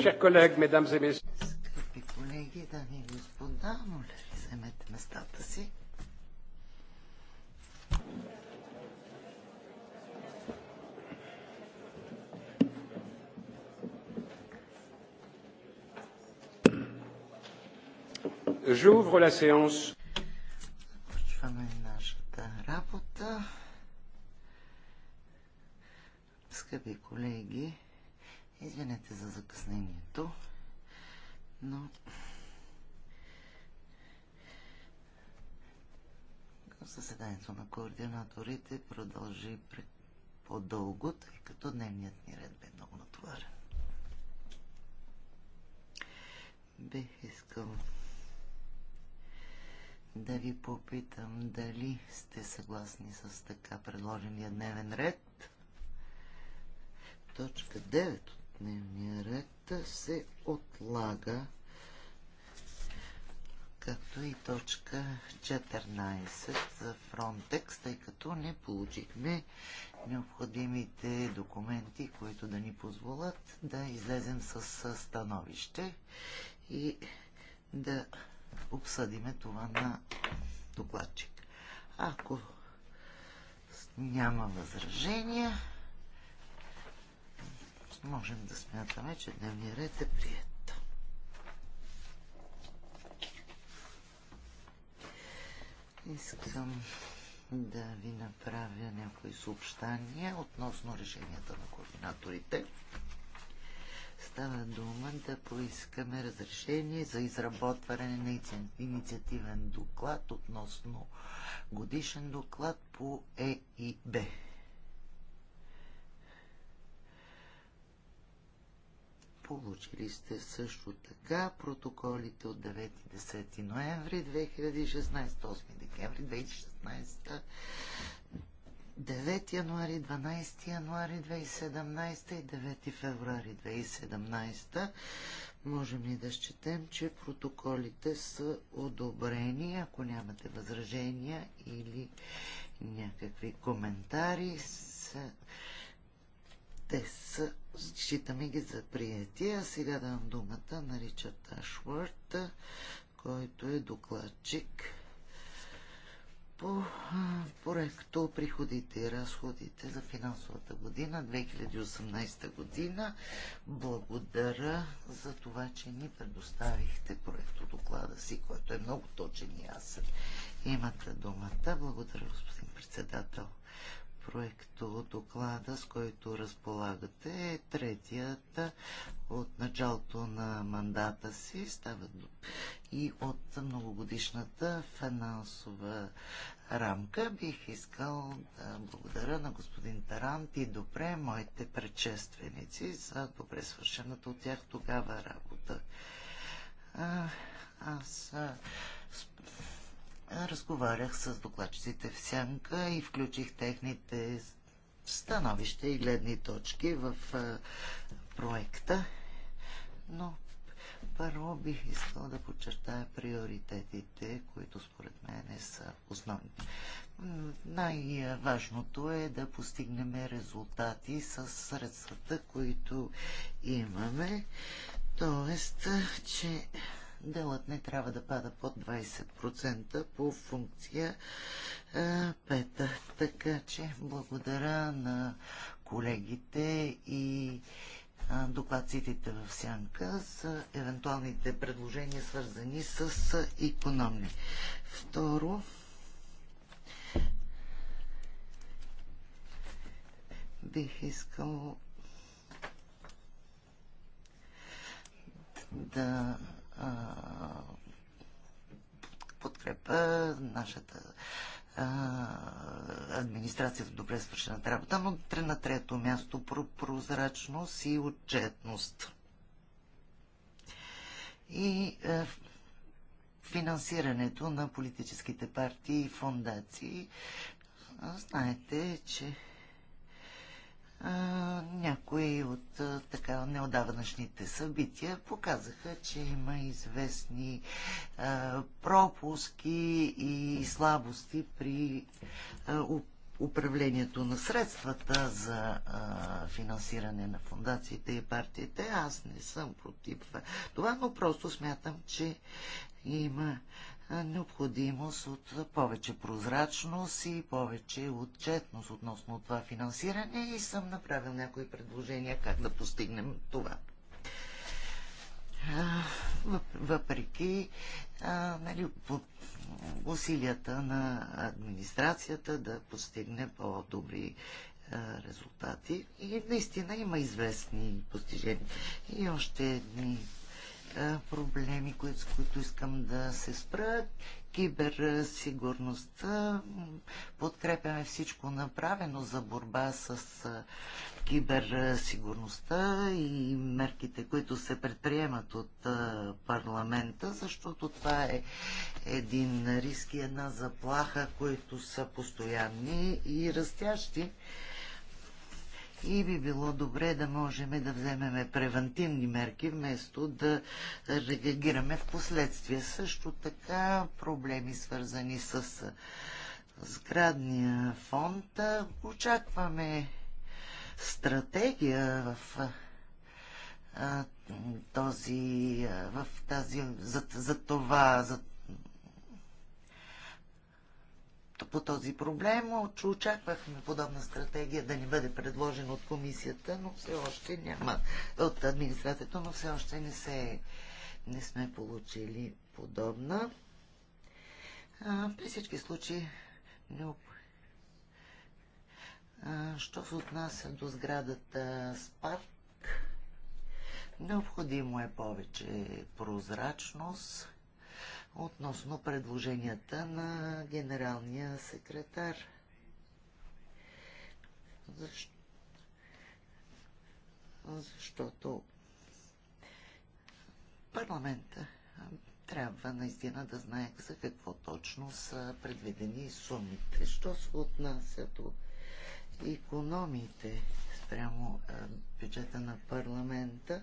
Скъпи колеги, дами и господа, моля ви, вземете местата си. J'ouvre la séance Извинете за закъснението, но... Съседанието на координаторите продължи по-дълго, тъй като дневният ни ред бе много натоварен. Бих искал да ви попитам дали сте съгласни с така предложения дневен ред. Точка 9 от дневния ред се отлага както и точка 14 за Frontex, тъй като не получихме необходимите документи, които да ни позволят да излезем с становище и да обсъдиме това на докладчик. Ако няма възражения, можем да смятаме, че дневния ред е прият. Искам да ви направя някои съобщания относно решенията на координаторите. Става дума да поискаме разрешение за изработване на инициативен доклад относно годишен доклад по ЕИБ. Получили сте също така протоколите от 9-10 ноември 2016, 8 декември 2016, 9 януари, 12 януари 2017 и 9 февруари 2017. Можем ли да счетем, че протоколите са одобрени, ако нямате възражения или някакви коментари? С те са, считаме ги за прияти. А сега давам думата на Ричард Ашвард, който е докладчик по проекто Приходите и разходите за финансовата година 2018 година. Благодаря за това, че ни предоставихте проекто доклада си, който е много точен и ясен. Имате думата. Благодаря, господин председател проекто доклада, с който разполагате, е третият от началото на мандата си става и от многогодишната финансова рамка. Бих искал да благодаря на господин Тарант и добре моите предшественици за добре свършената от тях тогава работа. А, аз разговарях с докладчиците в Сянка и включих техните становища и гледни точки в проекта. Но първо бих искал да подчертая приоритетите, които според мен са основни. Най-важното е да постигнем резултати с средствата, които имаме. Тоест, че делът не трябва да пада под 20% по функция пета. Така че благодаря на колегите и докладците в сянка за евентуалните предложения, свързани с економни. Второ, бих искал да подкрепа, нашата администрация за добре свършената работа, но на трето място про прозрачност и отчетност. И финансирането на политическите партии и фондации. Знаете, че някои от така неодавнашните събития показаха, че има известни а, пропуски и слабости при а, управлението на средствата за а, финансиране на фундациите и партиите. Аз не съм против това, но просто смятам, че има е, необходимост от повече прозрачност и повече отчетност относно това финансиране и съм направил някои предложения как да постигнем това. Е, въпреки е, нали, усилията на администрацията да постигне по-добри резултати и наистина има известни постижения. И още едни проблеми, с които искам да се спра. Киберсигурността. Подкрепяме всичко направено за борба с киберсигурността и мерките, които се предприемат от парламента, защото това е един риск и една заплаха, които са постоянни и растящи и би било добре да можем да вземем превентивни мерки, вместо да реагираме в последствие. Също така проблеми свързани с сградния фонд. Очакваме стратегия в този, в тази, за, за това, за по този проблем. Очаквахме подобна стратегия да ни бъде предложена от комисията, но все още няма, от администрацията, но все още не, се, е- не сме получили подобна. А, при всички случаи об... а, що се отнася до сградата Спарк, необходимо е повече прозрачност относно предложенията на генералния секретар. Защо? Защото парламента трябва наистина да знае за какво точно са предвидени сумите. Що се отнася до економите спрямо бюджета на парламента,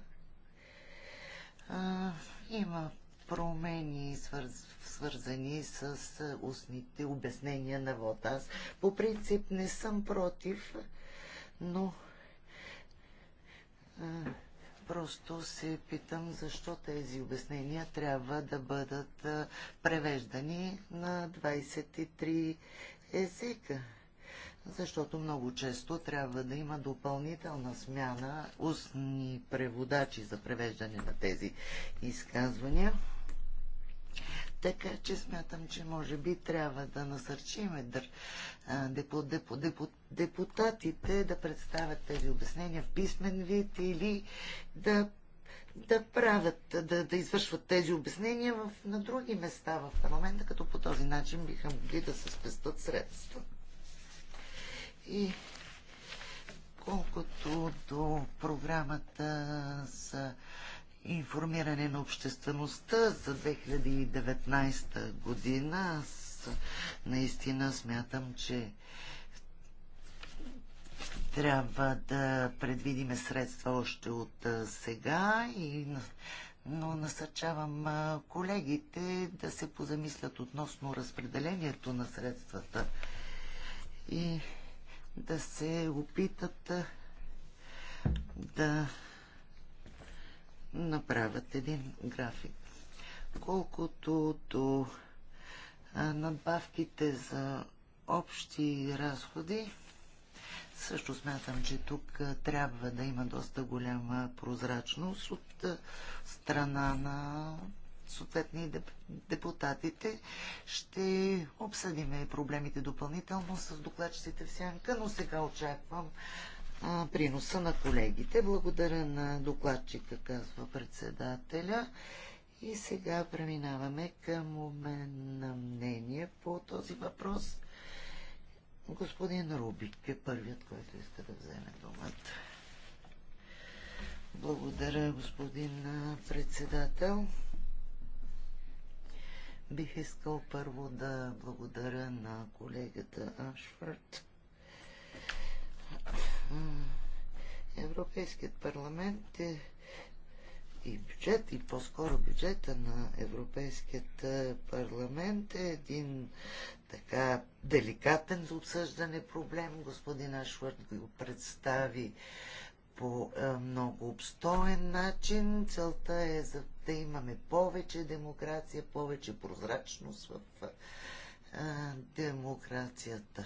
а, има промени, свързани с устните обяснения на вода. Аз по принцип не съм против, но просто се питам защо тези обяснения трябва да бъдат превеждани на 23 езика защото много често трябва да има допълнителна смяна устни преводачи за превеждане на тези изказвания. Така че смятам, че може би трябва да насърчиме дър, депо, депо, депо, депутатите да представят тези обяснения в писмен вид или да, да правят, да, да извършват тези обяснения в, на други места в парламента, като по този начин биха могли да се спестат средства. И колкото до програмата за информиране на обществеността за 2019 година. Аз наистина смятам, че трябва да предвидиме средства още от сега и но насърчавам колегите да се позамислят относно разпределението на средствата и да се опитат да направят един график. Колкото до надбавките за общи разходи, също смятам, че тук трябва да има доста голяма прозрачност от страна на съответни депутатите. Ще обсъдиме проблемите допълнително с докладчиците в сянка, но сега очаквам приноса на колегите. Благодаря на докладчика, казва председателя. И сега преминаваме към обмен на мнение по този въпрос. Господин Рубик е първият, който иска да вземе думата. Благодаря, господин председател. Бих искал първо да благодаря на колегата Ашфорд Европейският парламент е и бюджет, и по-скоро бюджета на Европейският парламент е един така деликатен за обсъждане проблем. Господин Ашвард го представи по много обстоен начин. Целта е за да имаме повече демокрация, повече прозрачност в демокрацията.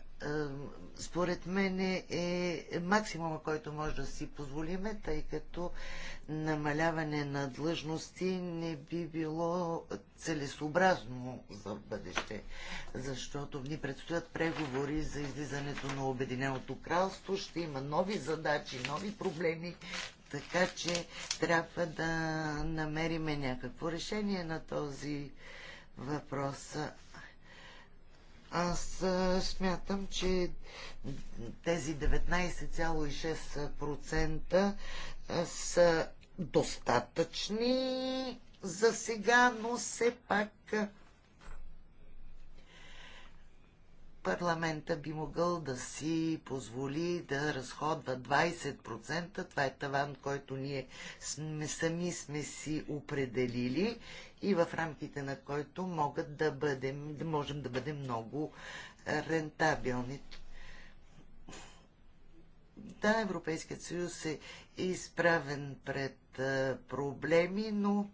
според мен е максимума, който може да си позволиме, тъй като намаляване на длъжности не би било целесообразно за бъдеще, защото ни предстоят преговори за излизането на Обединеното кралство, ще има нови задачи, нови проблеми, така че трябва да намериме някакво решение на този въпрос. Аз смятам, че тези 19,6% са достатъчни за сега, но все пак парламента би могъл да си позволи да разходва 20%. Това е таван, който ние сме, сами сме си определили и в рамките на който могат да бъдем, да можем да бъдем много е, рентабилни. Да, Европейският съюз е изправен пред е, проблеми, но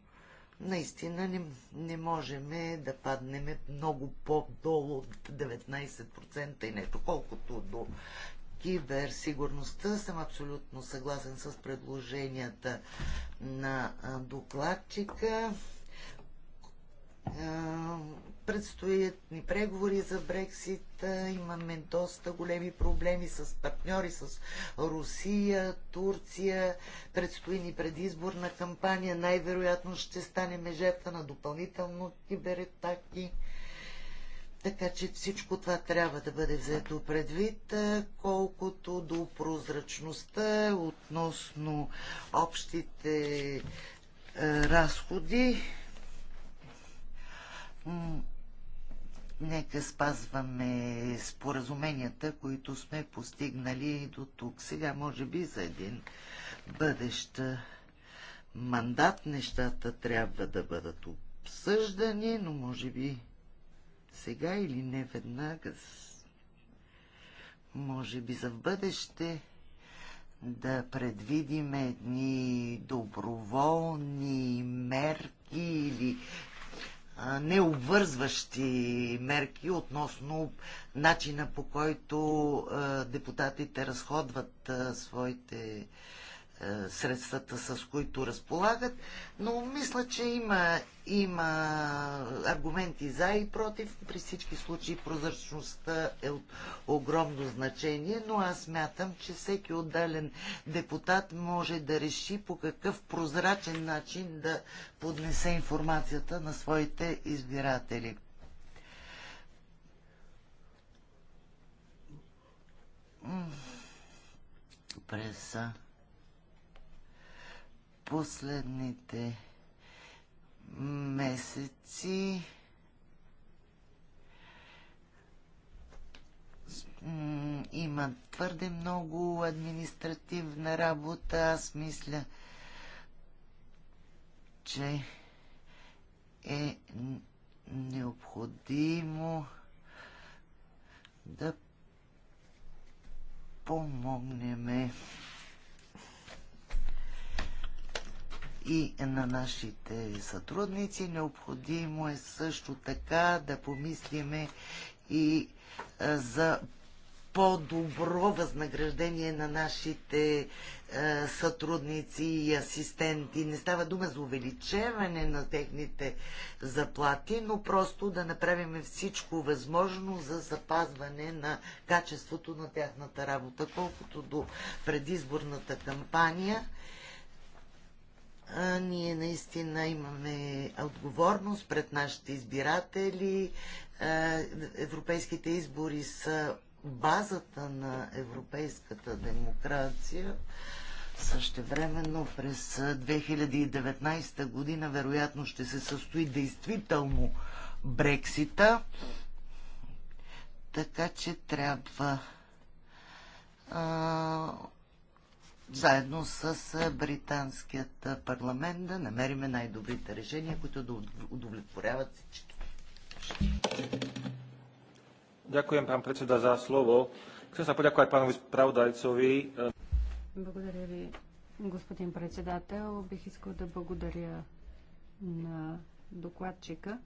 наистина не, не можем да паднем много по-долу от 19% и нещо. Колкото до киберсигурността съм абсолютно съгласен с предложенията на докладчика. Е, предстоят ни преговори за Брексит. Е, имаме доста големи проблеми с партньори, с Русия, Турция. Предстои ни предизборна кампания. Най-вероятно ще станем жертва на допълнително кибератаки. Така че всичко това трябва да бъде взето предвид, е, колкото до прозрачността относно общите разходи нека спазваме споразуменията, които сме постигнали до тук. Сега, може би, за един бъдещ мандат нещата трябва да бъдат обсъждани, но може би сега или не веднага, може би за в бъдеще да предвидим едни доброволни мерки или необвързващи мерки относно начина по който депутатите разходват своите е, средствата, с които разполагат, но мисля, че има, има аргументи за и против. При всички случаи прозрачността е от огромно значение, но аз мятам, че всеки отдален депутат може да реши по какъв прозрачен начин да поднесе информацията на своите избиратели. Преса последните месеци има твърде много административна работа. Аз мисля, че е необходимо да помогнеме и на нашите сътрудници. Необходимо е също така да помислиме и за по-добро възнаграждение на нашите е, сътрудници и асистенти. Не става дума за увеличаване на техните заплати, но просто да направим всичко възможно за запазване на качеството на тяхната работа, колкото до предизборната кампания а, ние наистина имаме отговорност пред нашите избиратели. А, европейските избори са базата на европейската демокрация. Същевременно през 2019 година вероятно ще се състои действително Брексита. Така че трябва а, заедно с британският парламент да намериме най-добрите решения, които да удовлетворяват всички. Дякуем pán predseda, за слово. Chcem sa poďakovať pánovi spravodajcovi. Благодаря ви, господин председател. Бих искал да благодаря на докладчика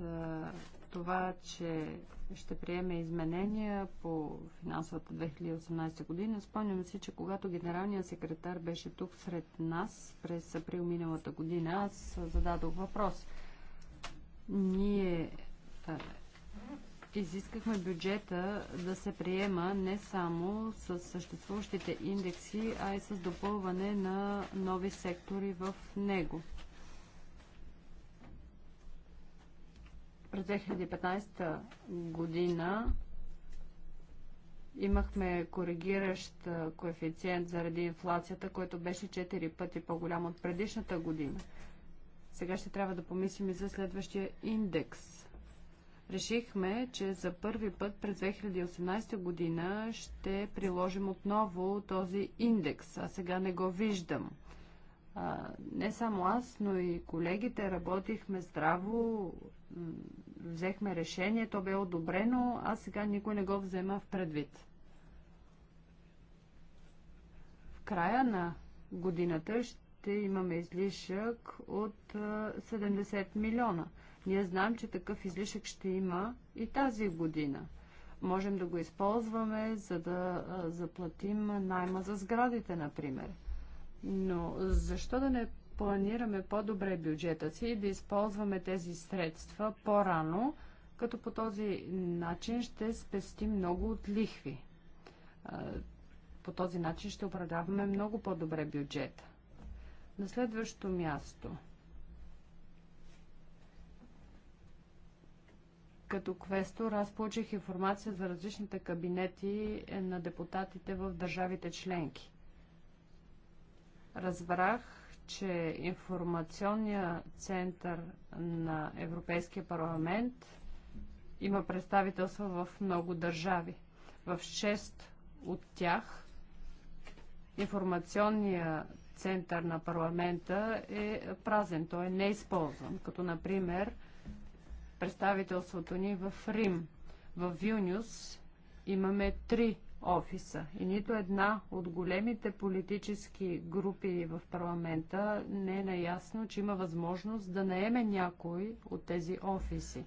за това, че ще приеме изменения по финансовата 2018 година. Спомням си, че когато генералният секретар беше тук сред нас през април миналата година, аз зададох въпрос. Ние а, изискахме бюджета да се приема не само с съществуващите индекси, а и с допълване на нови сектори в него. През 2015 година имахме коригиращ коефициент заради инфлацията, който беше 4 пъти по-голям от предишната година. Сега ще трябва да помислим и за следващия индекс. Решихме, че за първи път през 2018 година ще приложим отново този индекс, а сега не го виждам. не само аз, но и колегите работихме здраво, взехме решение, то бе одобрено, а сега никой не го взема в предвид. В края на годината ще имаме излишък от 70 милиона. Ние знаем, че такъв излишък ще има и тази година. Можем да го използваме, за да заплатим найма за сградите, например. Но защо да не планираме по-добре бюджета си и да използваме тези средства по-рано, като по този начин ще спестим много от лихви. По този начин ще управляваме много по-добре бюджета. На следващо място. Като квестор аз получих информация за различните кабинети на депутатите в държавите членки. Разбрах, че информационният център на Европейския парламент има представителства в много държави. В 6 от тях информационният център на парламента е празен, той е неизползван, като например представителството ни в Рим. В Вилнюс имаме три офиса. И нито една от големите политически групи в парламента не е наясно, че има възможност да наеме някой от тези офиси.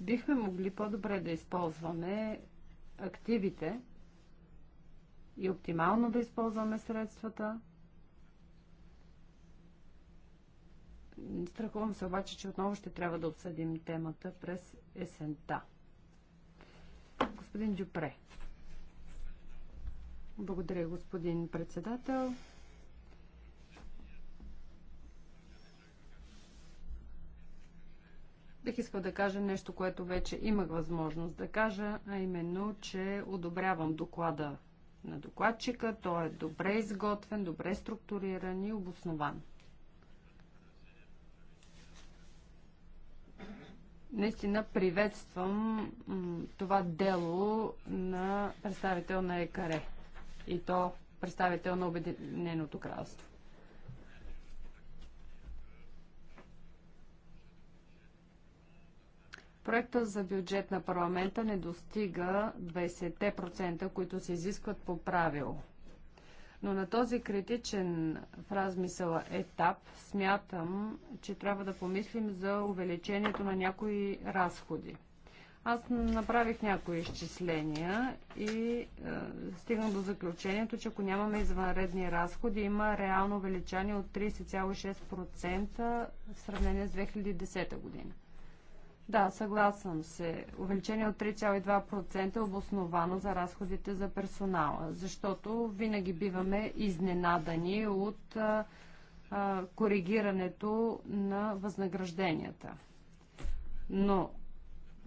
Бихме могли по-добре да използваме активите и оптимално да използваме средствата, Страхувам се обаче, че отново ще трябва да обсъдим темата през есента. Господин Дюпре. Благодаря, господин председател. Бих искал да кажа нещо, което вече имах възможност да кажа, а именно, че одобрявам доклада на докладчика. Той е добре изготвен, добре структуриран и обоснован. Наистина приветствам това дело на представител на ЕКАРЕ и то представител на Обединеното кралство. Проекта за бюджет на парламента не достига 20%, които се изискват по правило. Но на този критичен в размисъла етап смятам, че трябва да помислим за увеличението на някои разходи. Аз направих някои изчисления и е, стигнах до заключението, че ако нямаме извънредни разходи, има реално увеличение от 30,6% в сравнение с 2010 година. Да, съгласен се. Увеличение от 3,2% е обосновано за разходите за персонала, защото винаги биваме изненадани от а, а, коригирането на възнагражденията. Но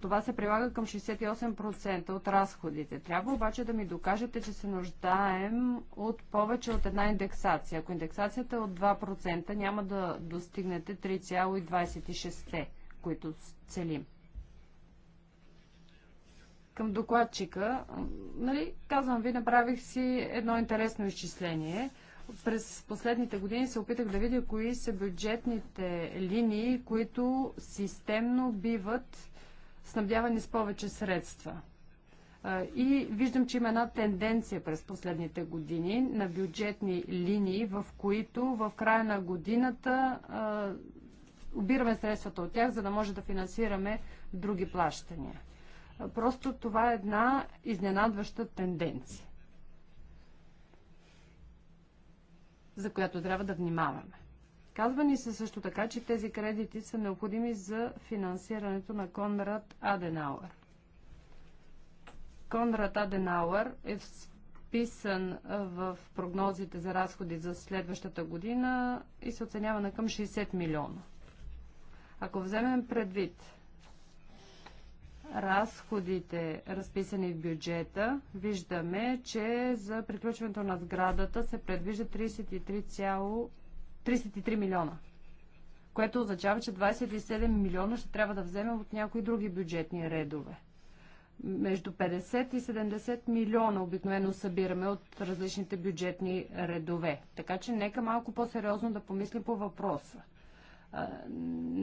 това се прилага към 68% от разходите. Трябва обаче да ми докажете, че се нуждаем от повече от една индексация. Ако индексацията е от 2%, няма да достигнете 3,26% които целим. Към докладчика, нали, казвам ви, направих си едно интересно изчисление. През последните години се опитах да видя кои са бюджетните линии, които системно биват снабдявани с повече средства. И виждам, че има една тенденция през последните години на бюджетни линии, в които в края на годината обираме средствата от тях, за да може да финансираме други плащания. Просто това е една изненадваща тенденция, за която трябва да внимаваме. Казва ни се също така, че тези кредити са необходими за финансирането на Конрад Аденауър. Конрад Аденауър е вписан в прогнозите за разходи за следващата година и се оценява на към 60 милиона. Ако вземем предвид разходите, разписани в бюджета, виждаме, че за приключването на сградата се предвижда 33, 33 милиона, което означава, че 27 милиона ще трябва да вземем от някои други бюджетни редове. Между 50 и 70 милиона обикновено събираме от различните бюджетни редове. Така че нека малко по-сериозно да помислим по въпроса.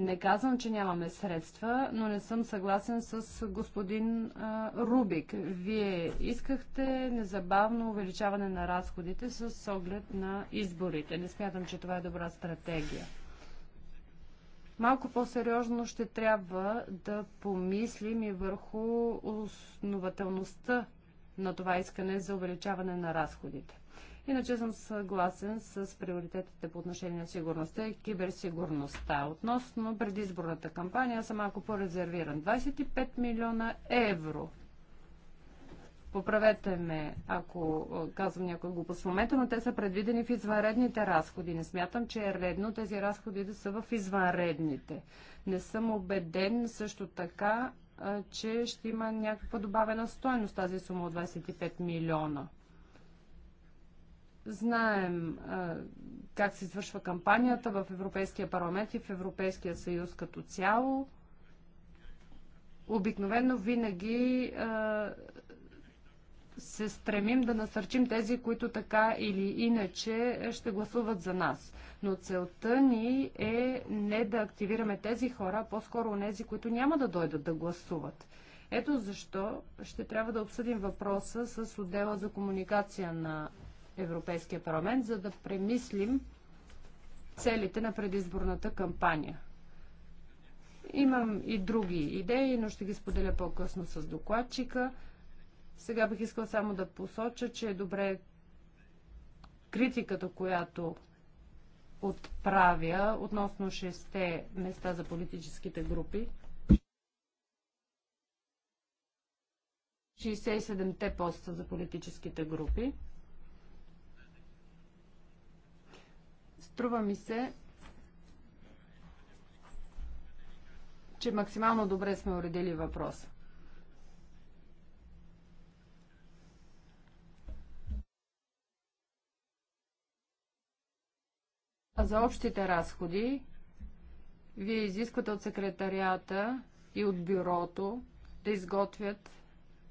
Не казвам, че нямаме средства, но не съм съгласен с господин Рубик. Вие искахте незабавно увеличаване на разходите с оглед на изборите. Не смятам, че това е добра стратегия. Малко по-сериозно ще трябва да помислим и върху основателността на това искане за увеличаване на разходите. Иначе съм съгласен с приоритетите по отношение на сигурността и киберсигурността. Относно предизборната кампания съм малко по-резервиран. 25 милиона евро. Поправете ме, ако казвам някой глупост в момента, но те са предвидени в извънредните разходи. Не смятам, че е редно тези разходи да са в извънредните. Не съм убеден също така, че ще има някаква добавена стоеност тази сума от 25 милиона. Знаем а, как се извършва кампанията в Европейския парламент и в Европейския съюз като цяло. Обикновено винаги а, се стремим да насърчим тези, които така или иначе ще гласуват за нас. Но целта ни е не да активираме тези хора, а по-скоро тези, които няма да дойдат да гласуват. Ето защо ще трябва да обсъдим въпроса с отдела за комуникация на Европейския парламент, за да премислим целите на предизборната кампания. Имам и други идеи, но ще ги споделя по-късно с докладчика. Сега бих искал само да посоча, че е добре критиката, която отправя относно шесте места за политическите групи. 67-те поста за политическите групи. Струва ми се, че максимално добре сме уредили въпроса. А за общите разходи, вие изисквате от секретарията и от бюрото да изготвят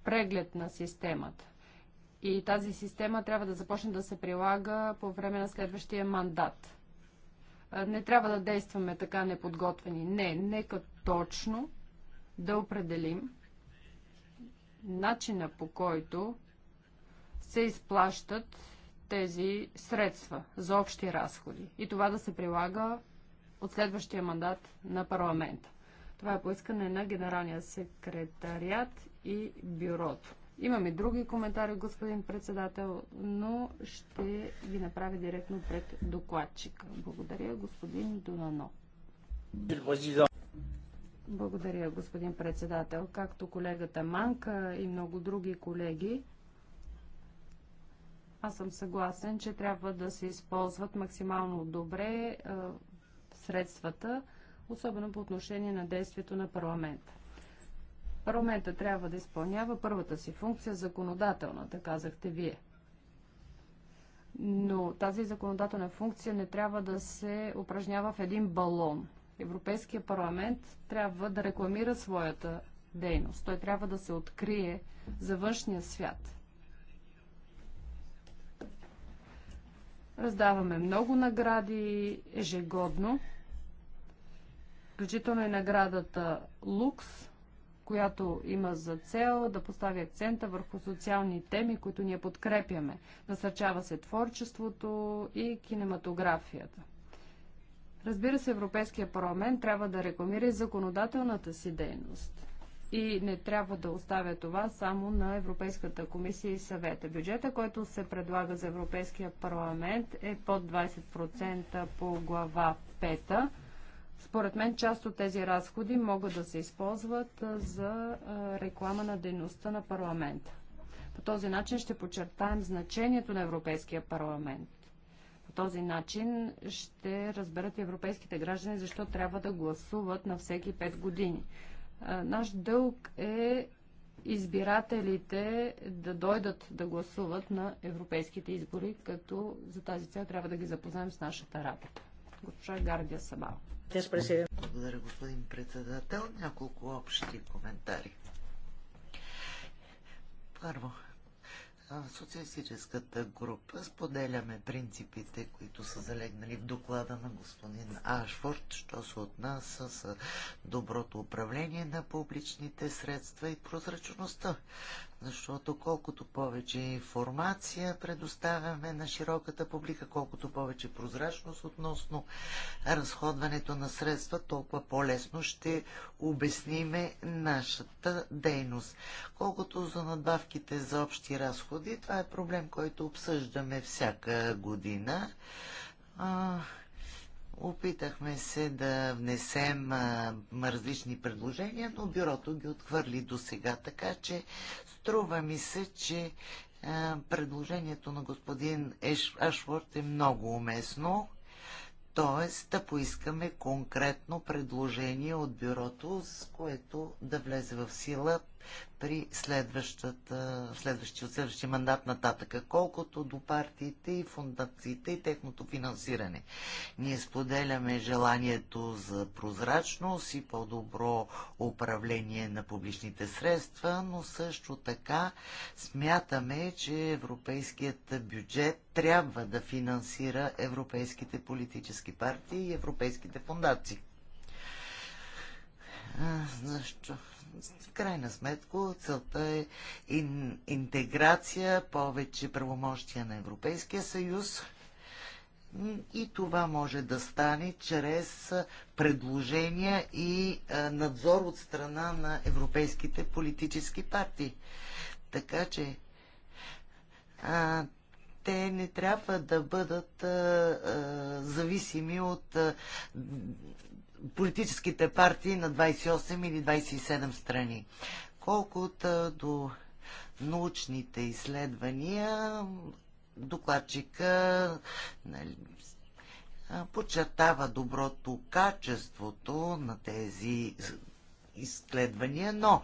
преглед на системата. И тази система трябва да започне да се прилага по време на следващия мандат не трябва да действаме така неподготвени. Не, нека точно да определим начина по който се изплащат тези средства за общи разходи. И това да се прилага от следващия мандат на парламента. Това е поискане на Генералния секретариат и бюрото. Имаме други коментари, господин председател, но ще ги направя директно пред докладчика. Благодаря, господин Дунано. Благодаря, господин председател. Както колегата Манка и много други колеги, аз съм съгласен, че трябва да се използват максимално добре средствата, особено по отношение на действието на парламента. Парламента трябва да изпълнява първата си функция, законодателната, казахте вие. Но тази законодателна функция не трябва да се упражнява в един балон. Европейския парламент трябва да рекламира своята дейност. Той трябва да се открие за външния свят. Раздаваме много награди ежегодно, включително и наградата Лукс – която има за цел да постави акцента върху социални теми, които ние подкрепяме. Насърчава се творчеството и кинематографията. Разбира се, Европейския парламент трябва да рекламира и законодателната си дейност. И не трябва да оставя това само на Европейската комисия и съвета. Бюджета, който се предлага за Европейския парламент е под 20% по глава 5. Според мен част от тези разходи могат да се използват за реклама на дейността на парламента. По този начин ще подчертаем значението на Европейския парламент. По този начин ще разберат европейските граждани защо трябва да гласуват на всеки 5 години. Наш дълг е избирателите да дойдат да гласуват на европейските избори, като за тази цел трябва да ги запознаем с нашата работа госпожа Гардия Сабал. Благодаря, господин председател. Няколко общи коментари. Първо, социалистическата група споделяме принципите, които са залегнали в доклада на господин Ашфорд, що се отнася с доброто управление на публичните средства и прозрачността защото колкото повече информация предоставяме на широката публика, колкото повече прозрачност относно разходването на средства, толкова по-лесно ще обясниме нашата дейност. Колкото за надбавките за общи разходи, това е проблем, който обсъждаме всяка година. Опитахме се да внесем а, различни предложения, но бюрото ги отхвърли до сега, така че струва ми се, че а, предложението на господин Еш, Ашворд е много уместно, т.е. да поискаме конкретно предложение от бюрото, с което да влезе в сила при следващата, следващия, следващия мандат нататъка, колкото до партиите и фундациите и техното финансиране. Ние споделяме желанието за прозрачност и по-добро управление на публичните средства, но също така смятаме, че европейският бюджет трябва да финансира европейските политически партии и европейските фундации. Защо? в крайна сметка целта е ин, интеграция, повече правомощия на Европейския съюз. И това може да стане чрез предложения и надзор от страна на европейските политически партии. Така че а, те не трябва да бъдат а, а, зависими от а, политическите партии на 28 или 27 страни. Колкото до научните изследвания, докладчика нали, подчертава доброто качеството на тези изследвания, но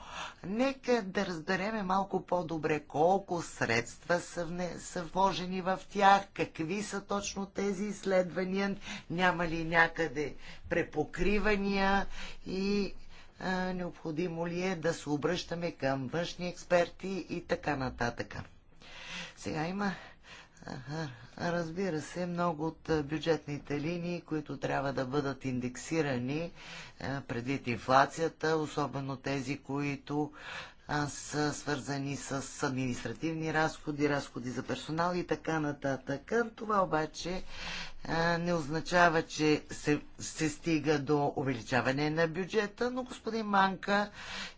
нека да разбереме малко по-добре колко средства са, вне, са вложени в тях, какви са точно тези изследвания, няма ли някъде препокривания и а, необходимо ли е да се обръщаме към външни експерти и така нататък. Сега има Разбира се, много от бюджетните линии, които трябва да бъдат индексирани е, предвид инфлацията, особено тези, които са свързани с административни разходи, разходи за персонал и така нататък. Това обаче не означава, че се, се стига до увеличаване на бюджета, но господин Манка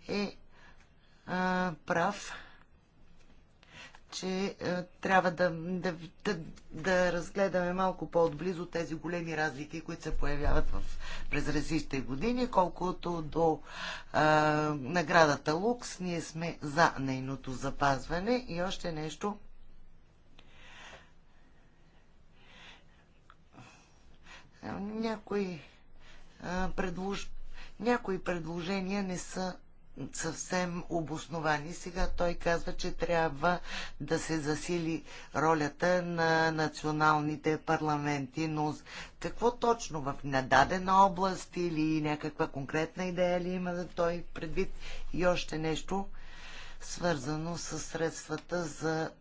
е а, прав че а, е, трябва да, да, да, да разгледаме малко по-отблизо тези големи разлики, които се появяват в, през различните години, колкото до а, е, наградата Лукс. Ние сме за нейното запазване и още нещо. Някои, а, е, предлож... Някои предложения не са съвсем обосновани. Сега той казва, че трябва да се засили ролята на националните парламенти, но какво точно в нададена област или някаква конкретна идея ли има да той предвид и още нещо свързано с средствата за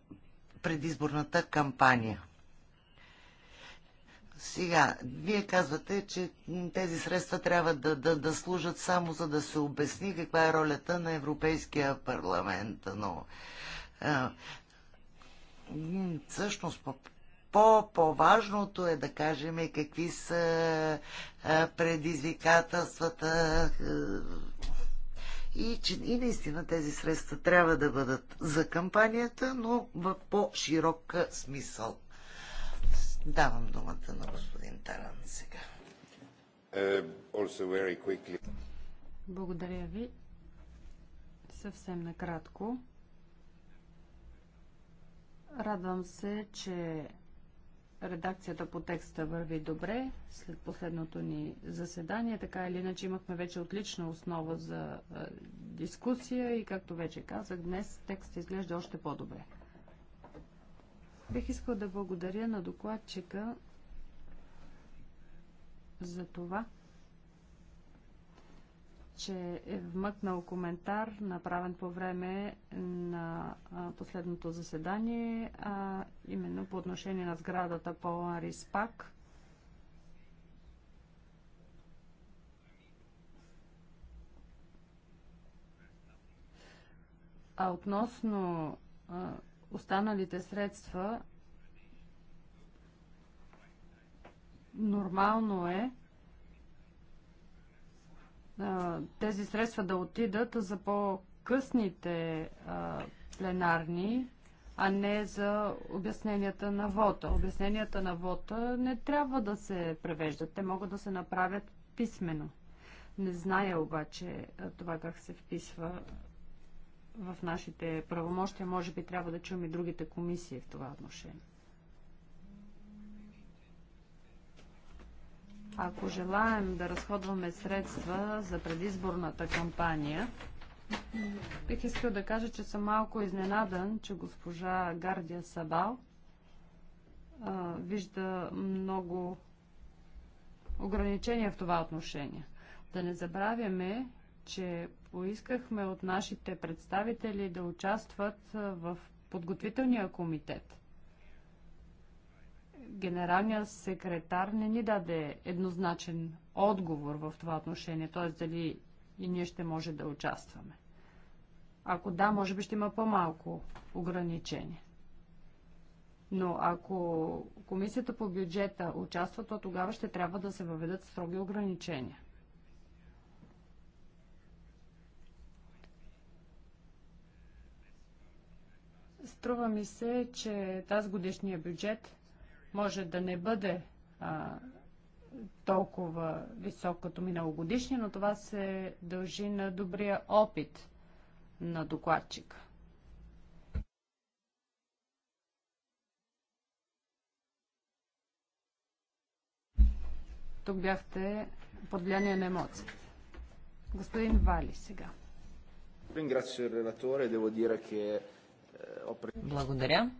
предизборната кампания? Сега, вие казвате, че тези средства трябва да, да, да служат само за да се обясни каква е ролята на Европейския парламент, но а, всъщност по-важното по е да кажем какви са а, предизвикателствата а, и, че, и наистина тези средства трябва да бъдат за кампанията, но в по-широк смисъл. Давам думата на господин Таран сега. Е, Благодаря ви. Съвсем накратко. Радвам се, че редакцията по текста върви добре след последното ни заседание. Така или иначе имахме вече отлична основа за е, дискусия и както вече казах, днес текстът изглежда още по-добре. Бих искал да благодаря на докладчика за това, че е вмъкнал коментар, направен по време на последното заседание, а именно по отношение на сградата по Арис Пак. А относно останалите средства нормално е тези средства да отидат за по-късните пленарни, а не за обясненията на вота. Обясненията на вота не трябва да се превеждат. Те могат да се направят писменно. Не зная обаче това как се вписва в нашите правомощия. Може би трябва да чуем и другите комисии в това отношение. Ако желаем да разходваме средства за предизборната кампания, бих искал да кажа, че съм малко изненадан, че госпожа Гардия Сабал а, вижда много ограничения в това отношение. Да не забравяме, че поискахме от нашите представители да участват в подготвителния комитет. Генералният секретар не ни даде еднозначен отговор в това отношение, т.е. дали и ние ще може да участваме. Ако да, може би ще има по-малко ограничение. Но ако комисията по бюджета участва, то тогава ще трябва да се въведат строги ограничения. Струва ми се, че тази годишния бюджет може да не бъде а, толкова висок като миналогодишния, но това се дължи на добрия опит на докладчика. Тук бяхте под влияние на емоции. Господин Вали сега. Ringrazio il relatore, devo dire che благодаря.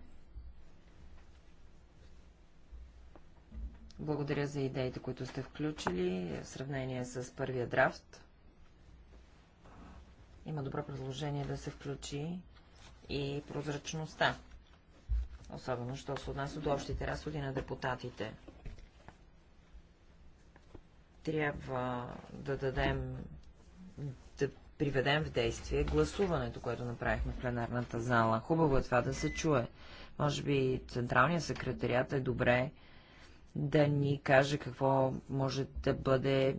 Благодаря за идеите, които сте включили в сравнение с първия драфт. Има добро предложение да се включи и прозрачността, особено, що се отнася до общите разходи на депутатите. Трябва да дадем приведем в действие гласуването, което направихме в пленарната зала. Хубаво е това да се чуе. Може би Централният секретарият е добре да ни каже какво може да бъде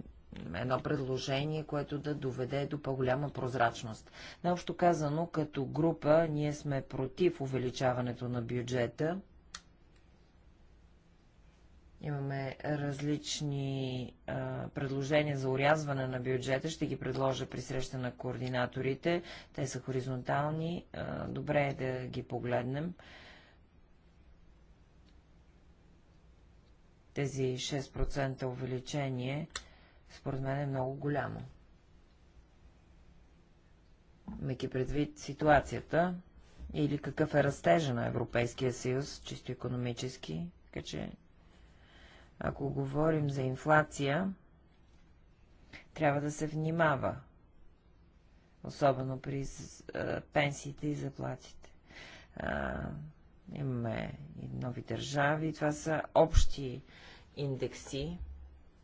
едно предложение, което да доведе до по-голяма прозрачност. Наобщо казано, като група ние сме против увеличаването на бюджета Имаме различни а, предложения за урязване на бюджета. Ще ги предложа при среща на координаторите. Те са хоризонтални. А, добре е да ги погледнем. Тези 6% увеличение, според мен, е много голямо. Меки предвид ситуацията или какъв е растежа на Европейския съюз, чисто економически, така че ако говорим за инфлация, трябва да се внимава, особено при пенсиите и заплатите. имаме и нови държави, това са общи индекси,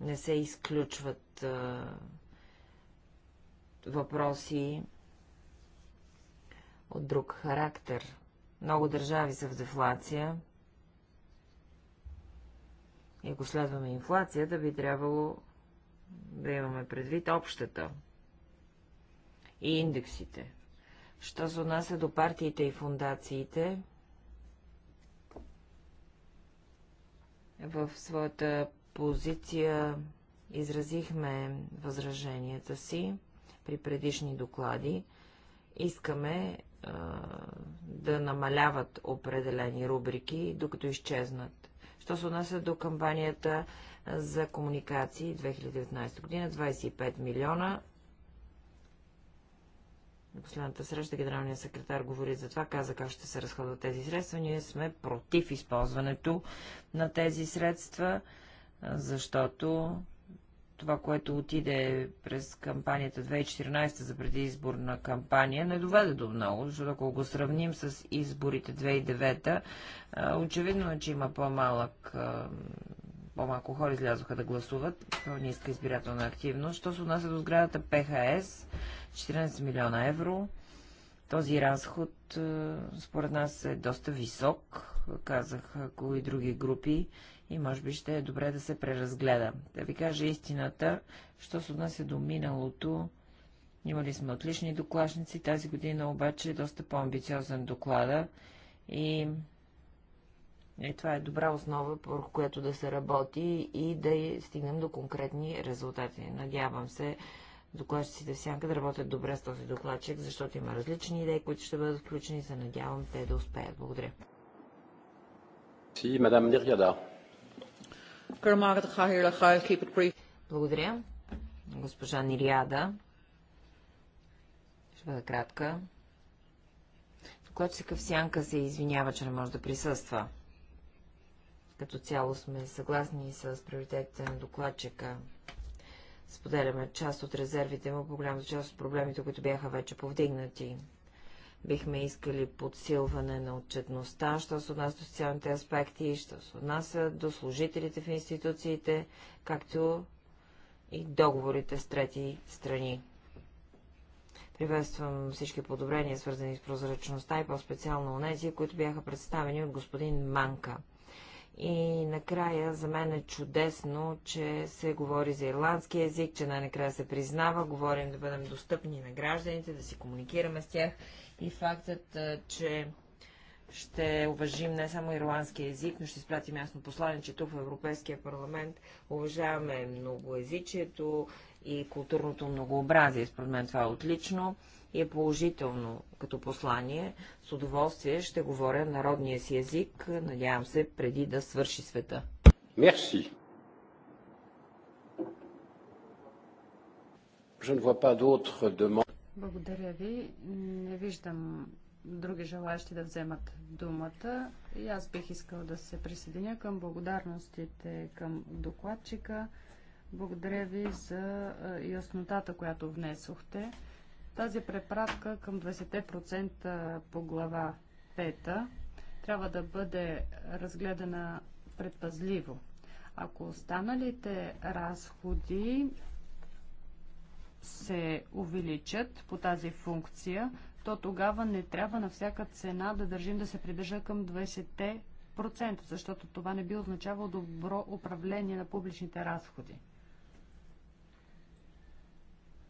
не се изключват въпроси от друг характер. Много държави са в дефлация и ако следваме да би трябвало да имаме предвид общата и индексите. Що се отнася до партиите и фундациите, в своята позиция изразихме възраженията си при предишни доклади. Искаме а, да намаляват определени рубрики, докато изчезнат. Що се отнася до кампанията за комуникации 2019 година, 25 милиона. На последната среща генералният секретар говори за това, каза как ще се разходват тези средства. Ние сме против използването на тези средства, защото това, което отиде през кампанията 2014 за предизборна кампания, не доведе до много, защото ако го сравним с изборите 2009, очевидно е, че има по-малък по-малко хора излязоха да гласуват, по-ниска избирателна активност. Що се отнася до сградата ПХС, 14 милиона евро, този разход според нас е доста висок, казах, ако и други групи, и може би ще е добре да се преразгледа. Да ви кажа истината, що се отнася до миналото, имали сме отлични доклашници. тази година обаче е доста по-амбициозен доклада и и това е добра основа, върху която да се работи и да стигнем до конкретни резултати. Надявам се докладчиците в сянка да работят добре с този докладчик, защото има различни идеи, които ще бъдат включени и се надявам те да успеят. Благодаря. Си, мадам Ниряда. Благодаря. Госпожа Нириада. Ще бъда кратка. Докладчика в сянка се извинява, че не може да присъства. Като цяло сме съгласни с приоритетите на докладчика. Споделяме част от резервите му, по голямата част от проблемите, които бяха вече повдигнати. Бихме искали подсилване на отчетността, що се отнася до социалните аспекти, що се отнася до служителите в институциите, както и договорите с трети страни. Приветствам всички подобрения, свързани с прозрачността и по-специално онези, които бяха представени от господин Манка. И накрая за мен е чудесно, че се говори за ирландски язик, че най-накрая се признава, говорим да бъдем достъпни на гражданите, да си комуникираме с тях и фактът, че ще уважим не само ирландския език, но ще изпратим ясно послание, че тук в Европейския парламент уважаваме многоязичието и културното многообразие. Според мен това е отлично и е положително като послание. С удоволствие ще говоря народния си език, надявам се, преди да свърши света. Мерси. Je ne vois pas d'autres demandes. Благодаря ви. Не виждам други желаящи да вземат думата. И аз бих искал да се присъединя към благодарностите към докладчика. Благодаря ви за яснотата, която внесохте. Тази препратка към 20% по глава 5 трябва да бъде разгледана предпазливо. Ако останалите разходи се увеличат по тази функция, то тогава не трябва на всяка цена да държим да се придържа към 20 защото това не би означавало добро управление на публичните разходи.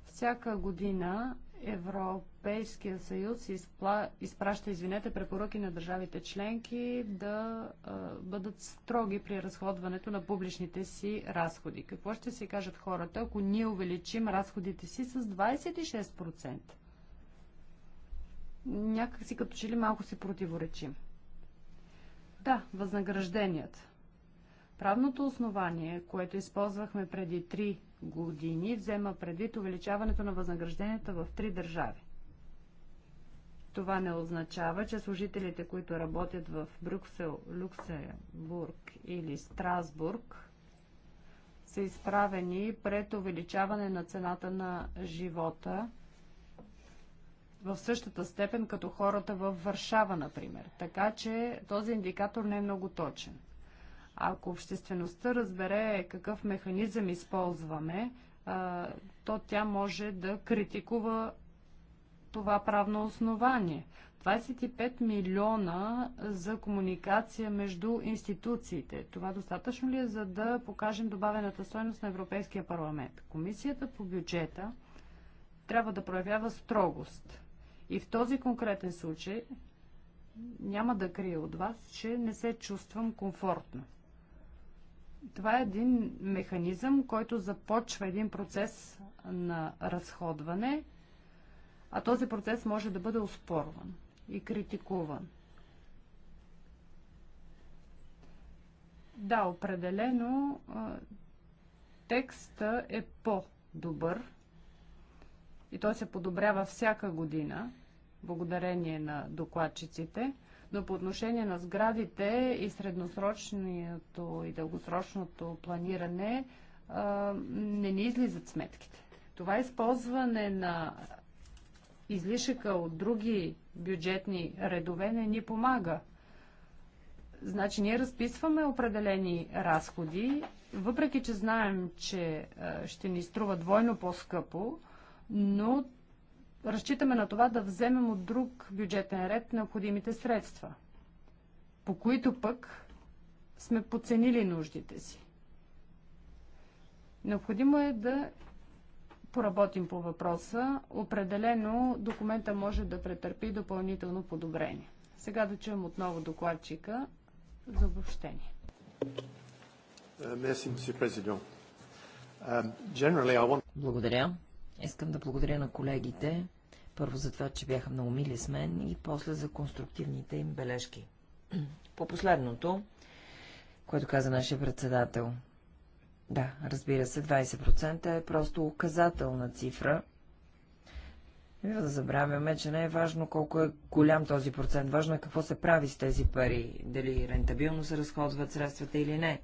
Всяка година Европейския съюз изпла... изпраща, извинете, препоръки на държавите членки да а, бъдат строги при разходването на публичните си разходи. Какво ще си кажат хората, ако ние увеличим разходите си с 26%? Някак си като че ли малко си противоречим. Да, възнагражденият. Правното основание, което използвахме преди 3 години взема предвид увеличаването на възнагражденията в три държави. Това не означава, че служителите, които работят в Брюксел, Люксембург или Страсбург, са изправени пред увеличаване на цената на живота в същата степен като хората в Варшава, например. Така че този индикатор не е много точен. Ако обществеността разбере какъв механизъм използваме, то тя може да критикува това правно основание. 25 милиона за комуникация между институциите. Това достатъчно ли е, за да покажем добавената стойност на Европейския парламент? Комисията по бюджета трябва да проявява строгост. И в този конкретен случай няма да крия от вас, че не се чувствам комфортно. Това е един механизъм, който започва един процес на разходване, а този процес може да бъде успорван и критикуван. Да, определено текста е по-добър и той се подобрява всяка година, благодарение на докладчиците – но по отношение на сградите и средносрочното и дългосрочното планиране не ни излизат сметките. Това използване на излишъка от други бюджетни редове не ни помага. Значи ние разписваме определени разходи, въпреки че знаем, че ще ни струва двойно по-скъпо, но разчитаме на това да вземем от друг бюджетен ред необходимите средства, по които пък сме подценили нуждите си. Необходимо е да поработим по въпроса. Определено документа може да претърпи допълнително подобрение. Сега да чуем отново докладчика за обобщение. Е, е, Благодаря. Искам да благодаря на колегите, първо за това, че бяха много мили с мен и после за конструктивните им бележки. По последното, което каза нашия председател. Да, разбира се, 20% е просто указателна цифра. И да забравяме, че не е важно колко е голям този процент. Важно е какво се прави с тези пари. Дали рентабилно се разходват средствата или не.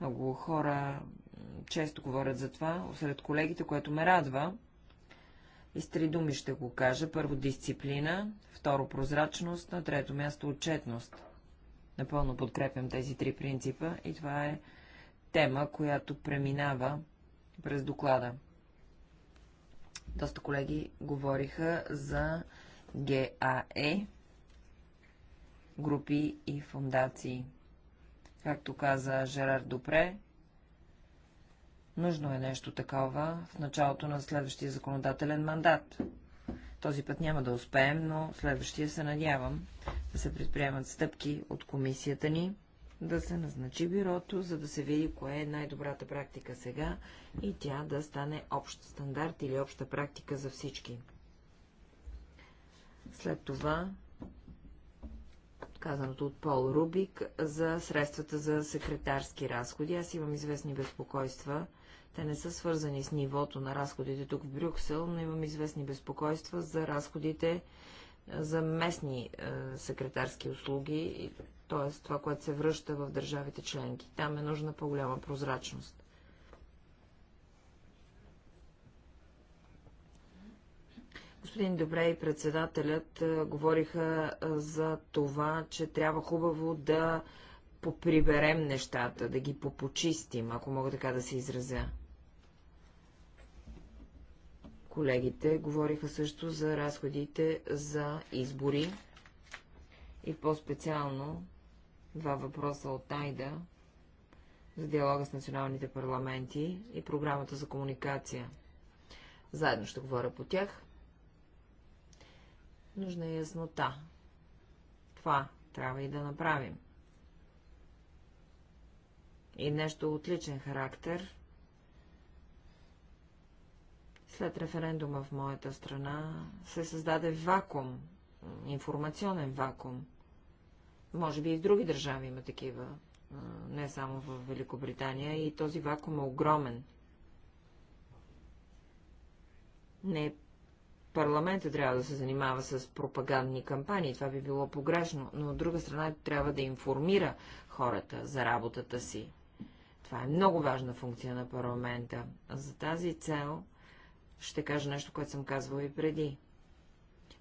Много хора често говорят за това сред колегите, което ме радва. И с три думи ще го кажа. Първо дисциплина, второ прозрачност, на трето място отчетност. Напълно подкрепям тези три принципа и това е тема, която преминава през доклада. Доста колеги говориха за ГАЕ, е, групи и фундации. Както каза Жерар Допре, Нужно е нещо такова в началото на следващия законодателен мандат. Този път няма да успеем, но следващия се надявам да се предприемат стъпки от комисията ни, да се назначи бюрото, за да се види кое е най-добрата практика сега и тя да стане общ стандарт или обща практика за всички. След това казаното от Пол Рубик за средствата за секретарски разходи. Аз имам известни безпокойства те не са свързани с нивото на разходите тук в Брюксел, но имам известни безпокойства за разходите е, за местни е, секретарски услуги, т.е. това, което се връща в държавите членки. Там е нужна по-голяма прозрачност. Господин Добре и председателят е, говориха е, за това, че трябва хубаво да поприберем нещата, да ги попочистим, ако мога така да се изразя. Колегите говориха също за разходите за избори и по-специално два въпроса от Айда за диалога с националните парламенти и програмата за комуникация. Заедно ще говоря по тях. Нужна е яснота. Това трябва и да направим. И нещо от личен характер след референдума в моята страна се създаде вакуум, информационен вакуум. Може би и в други държави има такива, не само в Великобритания, и този вакуум е огромен. Не парламента трябва да се занимава с пропагандни кампании, това би било погрешно, но от друга страна трябва да информира хората за работата си. Това е много важна функция на парламента. За тази цел ще кажа нещо, което съм казвала и преди.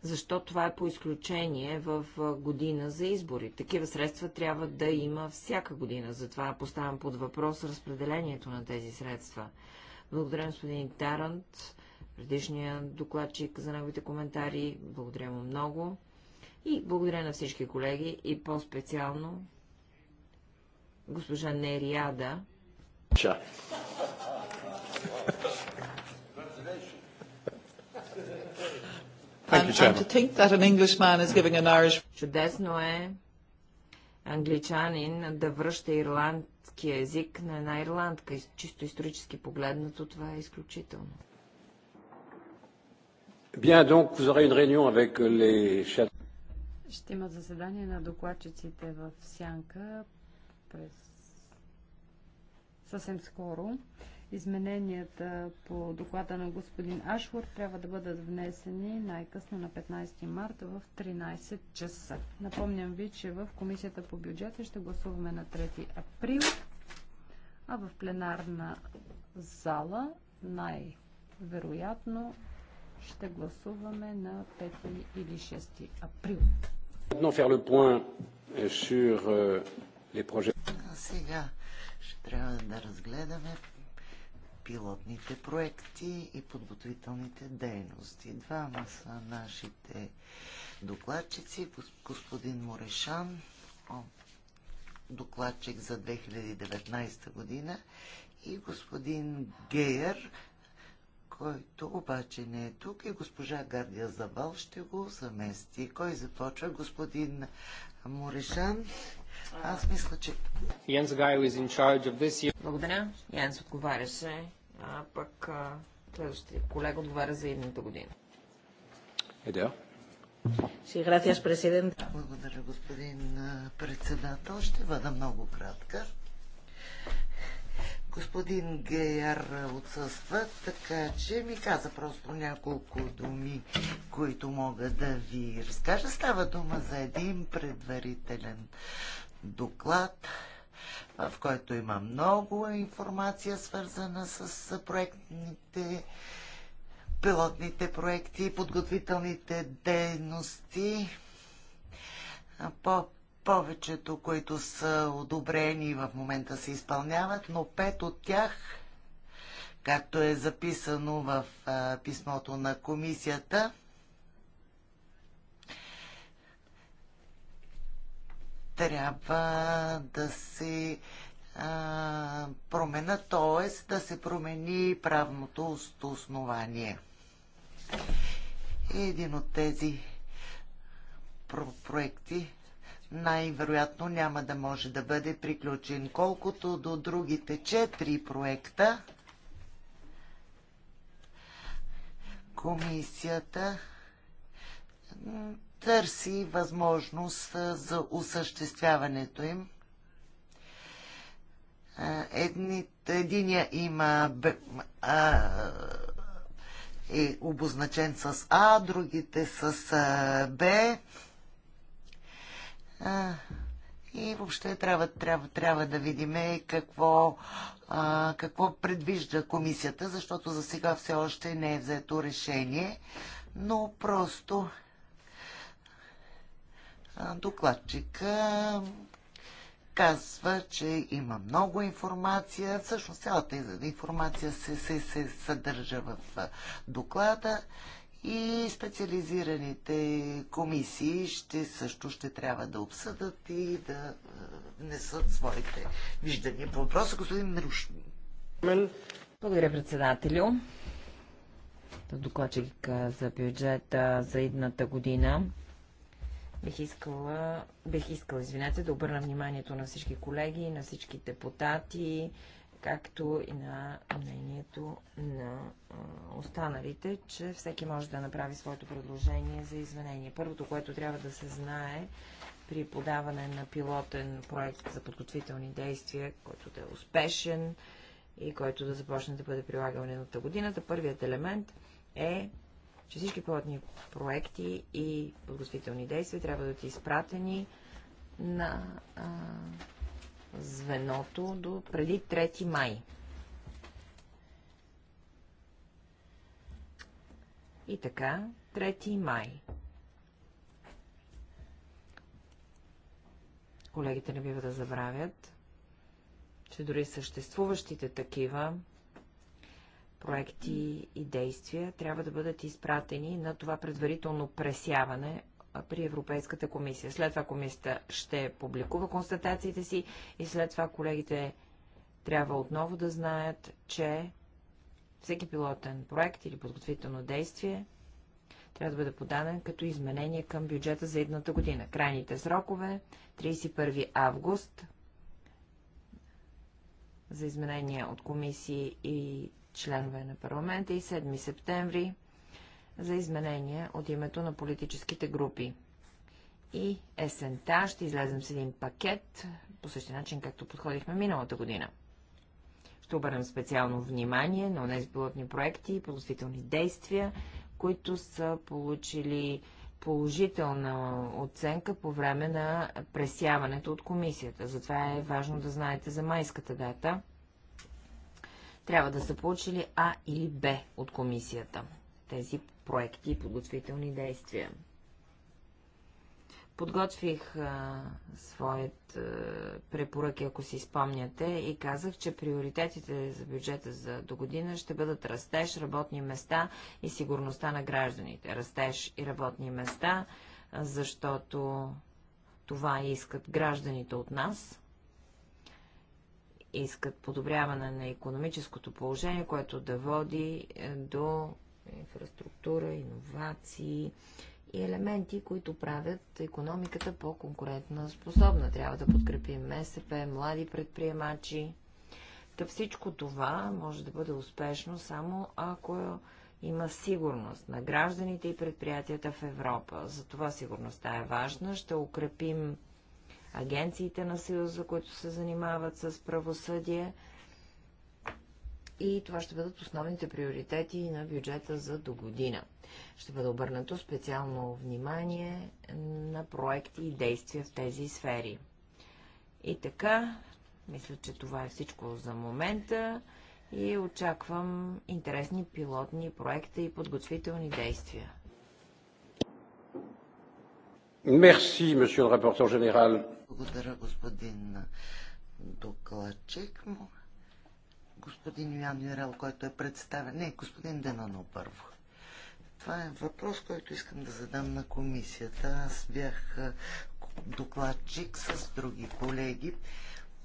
Защо това е по изключение в година за избори? Такива средства трябва да има всяка година. Затова поставям под въпрос разпределението на тези средства. Благодаря господин Тарант, предишния докладчик за неговите коментари. Благодаря му много. И благодаря на всички колеги и по-специално госпожа Нериада. Ча. Irish... Чудесно е англичанин да връща ирландския език на една ирландка. Чисто исторически погледнато това е изключително. Bien, donc, vous aurez une réunion avec euh, les... Ще имат заседание на докладчиците в Сянка през съвсем скоро. Измененията по доклада на господин Ашвор трябва да бъдат внесени най-късно на 15 марта в 13 часа. Напомням ви, че в Комисията по бюджета ще гласуваме на 3 април, а в пленарна зала най-вероятно ще гласуваме на 5 или 6 април. Euh, euh, Сега ще трябва да разгледаме пилотните проекти и подготовителните дейности. Двама са нашите докладчици. Господин Морешан, докладчик за 2019 година и господин Гейер, който обаче не е тук и госпожа Гардия Завал ще го замести. Кой започва? Господин Морешан. Аз мисля, че... Йенс Гайл of this year. Благодаря. Йенс отговаряше, а пък следващия колега отговаря за едната година. Едео. gracias, Благодаря, господин председател. Ще бъда много кратка господин Гейер отсъства, така че ми каза просто няколко думи, които мога да ви разкажа. Става дума за един предварителен доклад, в който има много информация, свързана с проектните пилотните проекти, подготвителните дейности по повечето, които са одобрени в момента се изпълняват, но пет от тях, както е записано в писмото на комисията, трябва да се а, промена, т.е. да се промени правното основание. Един от тези проекти най-вероятно няма да може да бъде приключен. Колкото до другите четири проекта, комисията търси възможност за осъществяването им. единия има е обозначен с А, другите с Б. А, и въобще трябва, трябва, трябва да видим какво, а, какво предвижда комисията, защото за сега все още не е взето решение, но просто а, докладчика казва, че има много информация. Всъщност цялата информация се, се, се съдържа в доклада и специализираните комисии ще също ще трябва да обсъдат и да внесат своите виждания по въпроса. Господин Мируш. Благодаря, председателю. Докладчик за бюджета за идната година. Бих искала, бих искала, извинете, да обърна вниманието на всички колеги, на всички депутати, както и на мнението на останалите, че всеки може да направи своето предложение за изменение. Първото, което трябва да се знае при подаване на пилотен проект за подготвителни действия, който да е успешен и който да започне да бъде прилаган едната годината, първият елемент е че всички пилотни проекти и подготвителни действия трябва да бъдат изпратени на а, звеното до преди 3 май. И така, 3 май. Колегите не бива да забравят, че дори съществуващите такива проекти и действия трябва да бъдат изпратени на това предварително пресяване при Европейската комисия. След това комисията ще публикува констатациите си и след това колегите трябва отново да знаят, че всеки пилотен проект или подготвително действие трябва да бъде подаден като изменение към бюджета за едната година. Крайните срокове 31 август за изменения от комисии и членове на парламента и 7 септември за изменения от името на политическите групи. И есента ще излезем с един пакет, по същия начин, както подходихме миналата година. Ще обърнем специално внимание на тези пилотни проекти и подготвителни действия, които са получили положителна оценка по време на пресяването от комисията. Затова е важно да знаете за майската дата. Трябва да са получили А или Б от комисията. Тези проекти и подготвителни действия. Подготвих а, своят а, препоръки, ако си спомняте, и казах, че приоритетите за бюджета за до година ще бъдат растеж, работни места и сигурността на гражданите. Растеж и работни места, а, защото това искат гражданите от нас – искат подобряване на економическото положение, което да води е, до инфраструктура, иновации и елементи, които правят економиката по-конкурентна способна. Трябва да подкрепим МСП, млади предприемачи. Та всичко това може да бъде успешно само ако има сигурност на гражданите и предприятията в Европа. Затова сигурността е важна. Ще укрепим агенциите на Съюза, които се занимават с правосъдие и това ще бъдат основните приоритети на бюджета за до година. Ще бъде обърнато специално внимание на проекти и действия в тези сфери. И така, мисля, че това е всичко за момента и очаквам интересни пилотни проекта и подготвителни действия. Мерси, месье рапортер генерал. Благодаря, господин докладчик господин Йоан Юрел, който е представен. Не, господин Денано първо. Това е въпрос, който искам да задам на комисията. Аз бях докладчик с други колеги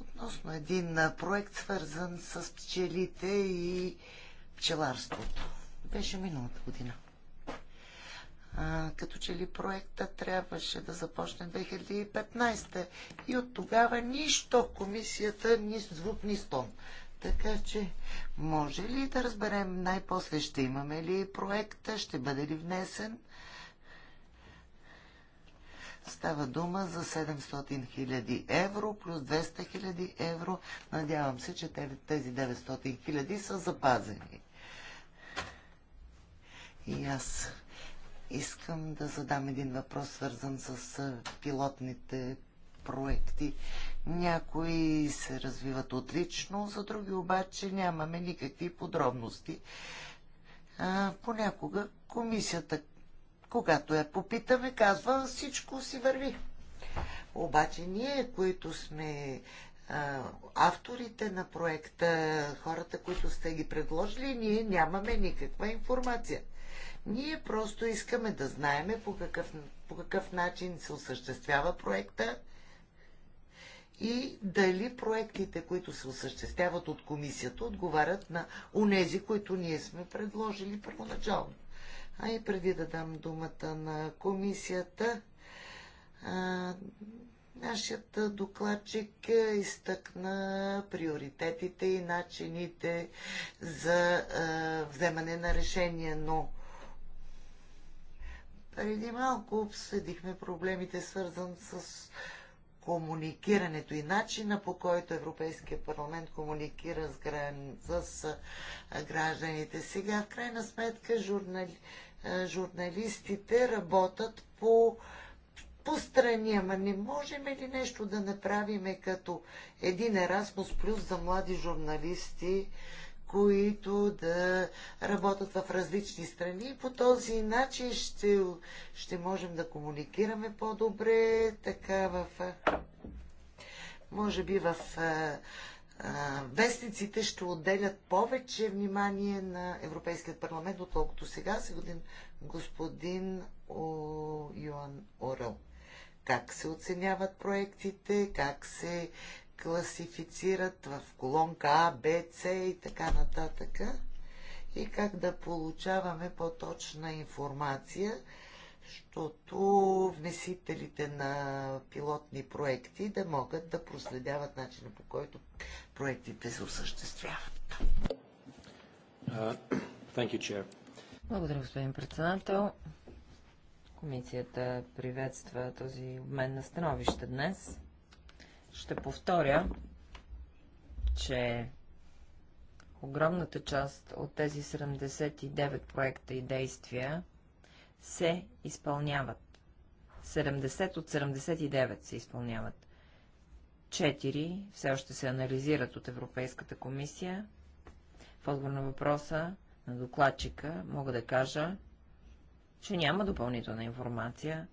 относно един проект, свързан с пчелите и пчеларството. Беше миналата година. А, като че ли проекта трябваше да започне 2015 и от тогава нищо комисията ни звук ни стон. Така че, може ли да разберем най-после ще имаме ли проекта, ще бъде ли внесен? Става дума за 700 000 евро плюс 200 000 евро. Надявам се, че тези 900 000 са запазени. И аз искам да задам един въпрос, свързан с пилотните проекти. Някои се развиват отлично, за други обаче нямаме никакви подробности. А, понякога комисията, когато я попитаме, казва всичко си върви. Обаче ние, които сме а, авторите на проекта, хората, които сте ги предложили, ние нямаме никаква информация. Ние просто искаме да знаеме по какъв, по какъв начин се осъществява проекта, и дали проектите, които се осъществяват от комисията, отговарят на унези, които ние сме предложили първоначално. А и преди да дам думата на комисията, нашият докладчик е, изтъкна приоритетите и начините за вземане на решения, но преди малко обсъдихме проблемите, свързан с комуникирането и начина по който Европейския парламент комуникира с, гран... с гражданите. Сега, в крайна сметка, журнали... журналистите работят по по страни, ама не можем ли нещо да направиме като един Erasmus Plus за млади журналисти, които да работят в различни страни. По този начин ще, ще можем да комуникираме по-добре, така в... Може би в вестниците ще отделят повече внимание на Европейският парламент, отколкото сега, господин, господин О, Йоан Орел. Как се оценяват проектите, как се класифицират в колонка А, Б, С и така нататък и как да получаваме по-точна информация, защото внесителите на пилотни проекти да могат да проследяват начина по който проектите се осъществяват. Uh, you, Благодаря, господин председател. Комисията приветства този обмен на становища днес. Ще повторя, че огромната част от тези 79 проекта и действия се изпълняват. 70 от 79 се изпълняват. 4 все още се анализират от Европейската комисия. В отговор на въпроса на докладчика мога да кажа, че няма допълнителна информация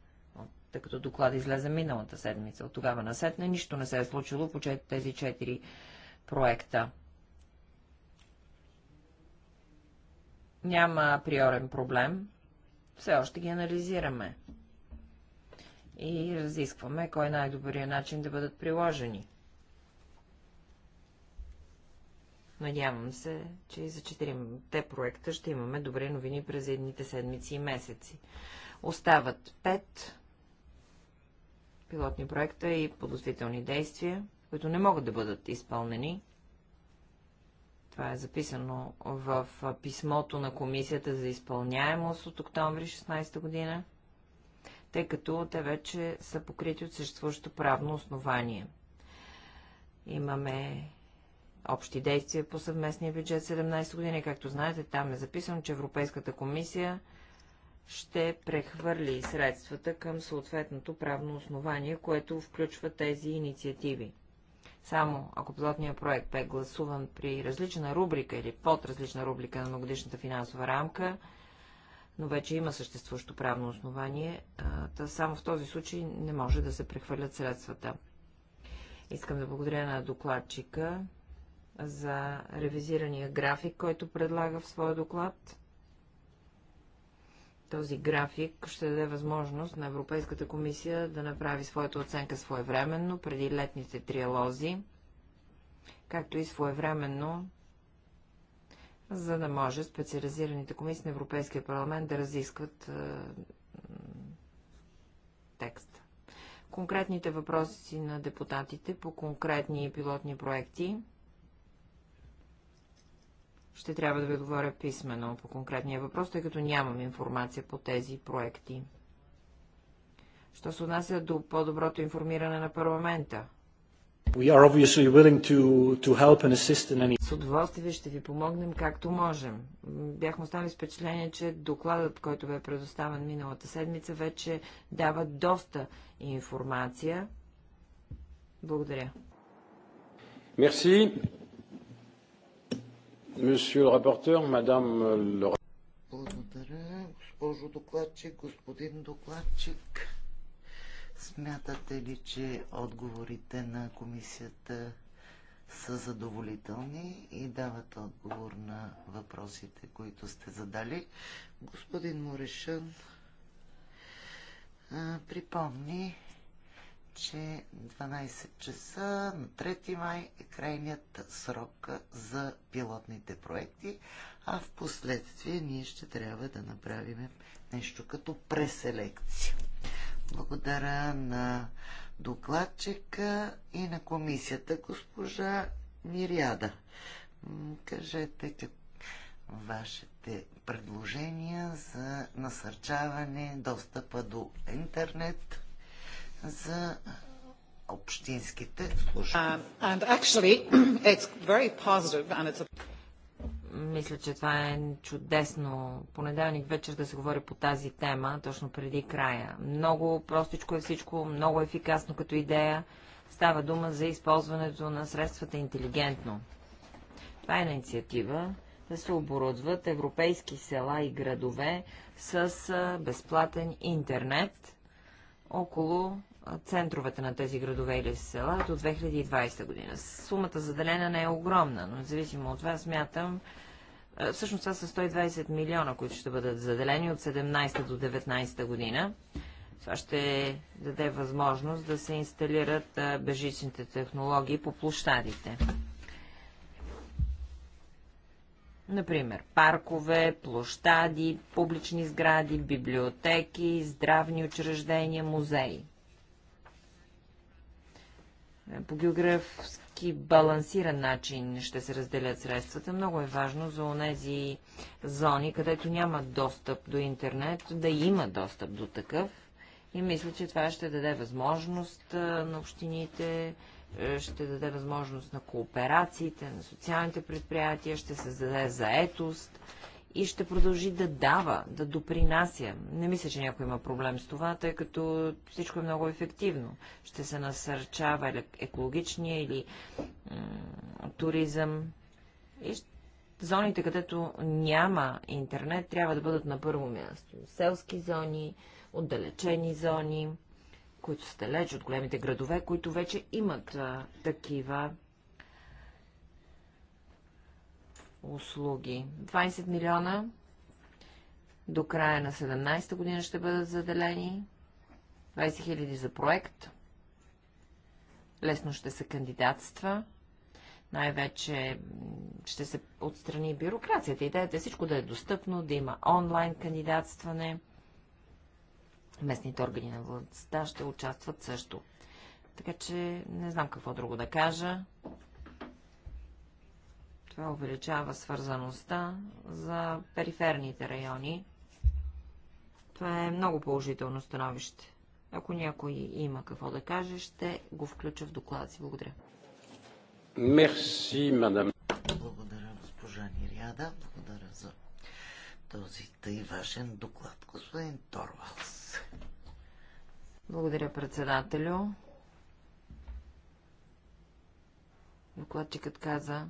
тъй като доклада излезе миналата седмица. От тогава насетне нищо не се е случило по тези четири проекта. Няма априорен проблем. Все още ги анализираме. И разискваме кой е най-добрият начин да бъдат приложени. Надявам се, че и за четиримте проекта ще имаме добре новини през едните седмици и месеци. Остават пет пилотни проекта и подостителни действия, които не могат да бъдат изпълнени. Това е записано в писмото на Комисията за изпълняемост от октомври 16 година, тъй като те вече са покрити от съществуващо правно основание. Имаме общи действия по съвместния бюджет 17 години. Както знаете, там е записано, че Европейската комисия ще прехвърли средствата към съответното правно основание, което включва тези инициативи. Само ако пилотният проект бе гласуван при различна рубрика или под различна рубрика на многодишната финансова рамка, но вече има съществуващо правно основание, та само в този случай не може да се прехвърлят средствата. Искам да благодаря на докладчика за ревизирания график, който предлага в своя доклад. Този график ще даде възможност на Европейската комисия да направи своята оценка своевременно, преди летните триалози, както и своевременно, за да може специализираните комисии на Европейския парламент да разискват е, текст. Конкретните въпроси на депутатите по конкретни пилотни проекти – ще трябва да ви говоря писменно по конкретния въпрос, тъй като нямам информация по тези проекти. Що се отнася до по-доброто информиране на парламента? To, to any... С удоволствие ще ви помогнем както можем. Бяхме останали с впечатление, че докладът, който бе предоставен миналата седмица, вече дава доста информация. Благодаря. Мерси. Monsieur le rapporteur, madame le... Благодаря, госпожо докладчик, господин докладчик. Смятате ли, че отговорите на комисията са задоволителни и дават отговор на въпросите, които сте задали? Господин Морешън припомни че 12 часа на 3 май е крайният срок за пилотните проекти, а в последствие ние ще трябва да направим нещо като преселекция. Благодаря на докладчика и на комисията госпожа Мириада. Кажете как вашите предложения за насърчаване достъпа до интернет за общинските служби. Uh, Мисля, че това е чудесно понеделник вечер да се говори по тази тема, точно преди края. Много простичко е всичко, много ефикасно като идея. Става дума за използването на средствата интелигентно. Това е на инициатива да се оборудват европейски села и градове с безплатен интернет около центровете на тези градове или села до 2020 година. Сумата заделена не е огромна, но независимо от това смятам, всъщност това са 120 милиона, които ще бъдат заделени от 17 до 19 година. Това ще даде възможност да се инсталират бежичните технологии по площадите. Например, паркове, площади, публични сгради, библиотеки, здравни учреждения, музеи. Е, по географски балансиран начин ще се разделят средствата. Много е важно за онези зони, където няма достъп до интернет, да има достъп до такъв. И мисля, че това ще даде възможност е, на общините, е, ще даде възможност на кооперациите, на социалните предприятия, ще създаде заетост и ще продължи да дава, да допринася. Не мисля, че някой има проблем с това, тъй като всичко е много ефективно. Ще се насърчава екологичния или туризъм. И зоните, където няма интернет, трябва да бъдат на първо място. Селски зони, отдалечени зони, които са далеч от големите градове, които вече имат а, такива услуги. 20 милиона до края на 17-та година ще бъдат заделени. 20 хиляди за проект. Лесно ще се кандидатства. Най-вече ще се отстрани бюрокрацията. Идеята е всичко да е достъпно, да има онлайн кандидатстване. Местните органи на властта ще участват също. Така че не знам какво друго да кажа. Това увеличава свързаността за периферните райони. Това е много положително становище. Ако някой има какво да каже, ще го включа в доклада си. Благодаря. Мерси, мадам. Благодаря, госпожа Ниряда. Благодаря за този тъй важен доклад, господин Торвалс. Благодаря, председателю. Докладчикът каза,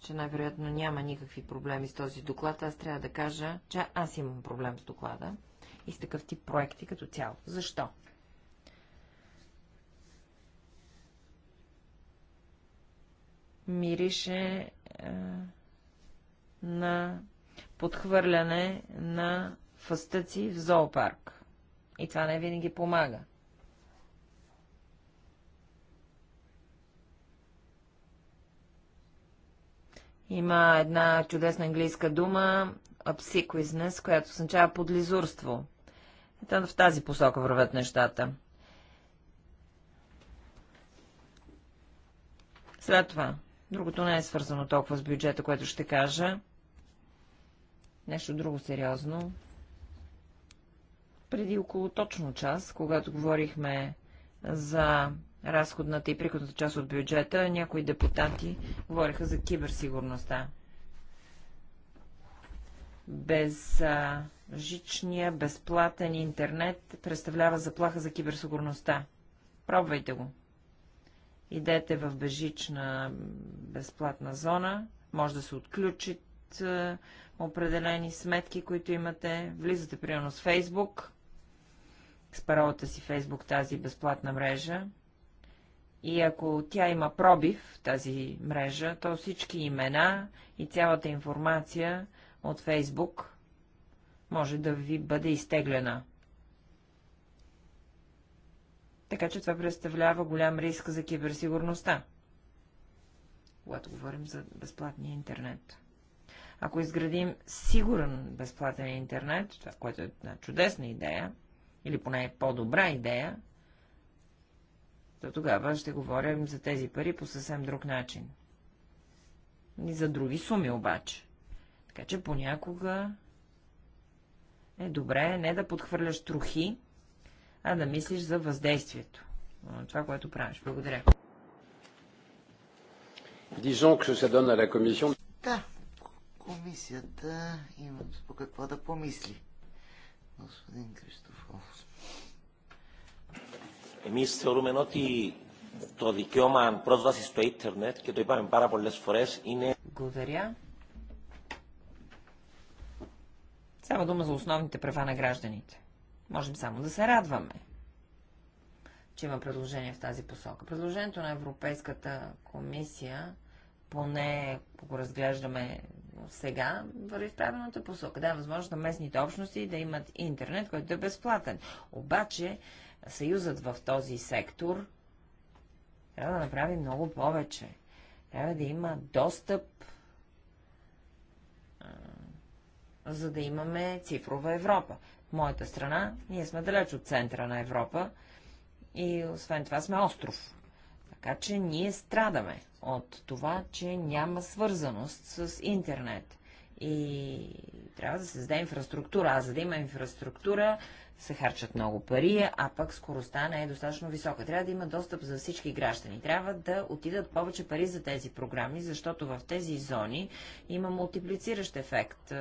че най-вероятно няма никакви проблеми с този доклад, аз трябва да кажа, че аз имам проблем с доклада и с такъв тип проекти като цяло. Защо? Мирише е, на подхвърляне на фъстъци в зоопарк. И това не винаги помага. Има една чудесна английска дума обсиквизнес, която означава подлизурство. Ето в тази посока върват нещата. След това, другото не е свързано толкова с бюджета, което ще кажа. Нещо друго сериозно. Преди около точно час, когато говорихме за разходната и приходната част от бюджета, някои депутати говориха за киберсигурността. Без а, жичния, безплатен интернет представлява заплаха за киберсигурността. Пробвайте го. Идете в безжична, безплатна зона, може да се отключат а, определени сметки, които имате. Влизате, примерно, с Фейсбук, с паролата си Фейсбук тази безплатна мрежа, и ако тя има пробив, тази мрежа, то всички имена и цялата информация от Фейсбук може да ви бъде изтеглена. Така че това представлява голям риск за киберсигурността, когато говорим за безплатния интернет. Ако изградим сигурен безплатен интернет, това, което е една чудесна идея, или поне е по-добра идея, то тогава ще говорим за тези пари по съвсем друг начин. И за други суми обаче. Така че понякога е добре не да подхвърляш трохи, а да мислиш за въздействието това, което правиш. Благодаря. се комисион. Да, комисията има по какво да помисли. Господин Кристофов. Εμείς θεωρούμε ότι το δικαίωμα πρόσβαση στο ίντερνετ, και το είπαμε πάρα πολλές φορές, είναι... Благодаря. Става дума за основните права на гражданите. Можем само да се радваме, че има предложение в тази посока. Предложението на Европейската комисия, поне ако го разглеждаме сега, върви в правилната посока. Да, е възможност на местните общности да имат интернет, който е безплатен. Обаче, съюзът в този сектор трябва да направи много повече. Трябва да има достъп, за да имаме цифрова Европа. В моята страна ние сме далеч от центъра на Европа и освен това сме остров. Така че ние страдаме от това, че няма свързаност с интернет. И трябва да се създаде инфраструктура. А за да има инфраструктура, се харчат много пари, а пък скоростта не е достатъчно висока. Трябва да има достъп за всички граждани. Трябва да отидат повече пари за тези програми, защото в тези зони има мултиплициращ ефект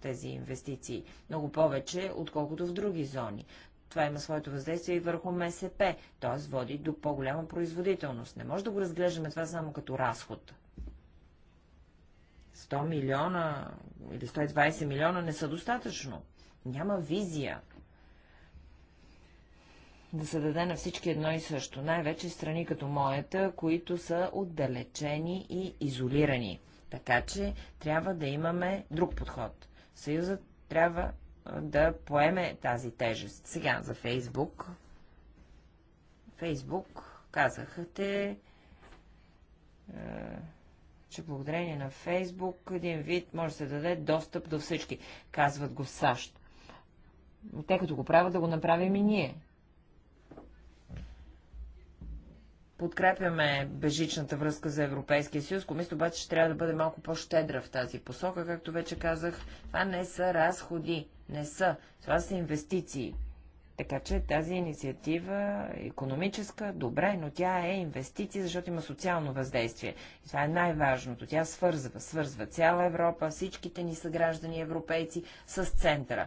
тези инвестиции. Много повече, отколкото в други зони. Това има своето въздействие и върху МСП, т.е. води до по-голяма производителност. Не може да го разглеждаме това само като разход. 100 милиона или 120 милиона не са достатъчно. Няма визия да се даде на всички едно и също, най-вече страни като моята, които са отдалечени и изолирани. Така че трябва да имаме друг подход. Съюзът трябва да поеме тази тежест. Сега за Фейсбук. Фейсбук, казахте, че благодарение на Фейсбук един вид може да се даде достъп до всички. Казват го в САЩ. Те като го правят, да го направим и ние. подкрепяме бежичната връзка за Европейския съюз. Комисията обаче ще трябва да бъде малко по-щедра в тази посока. Както вече казах, това не са разходи, не са. Това са инвестиции. Така че тази инициатива е економическа, добре, но тя е инвестиция, защото има социално въздействие. И това е най-важното. Тя свързва, свързва цяла Европа, всичките ни съграждани европейци с центъра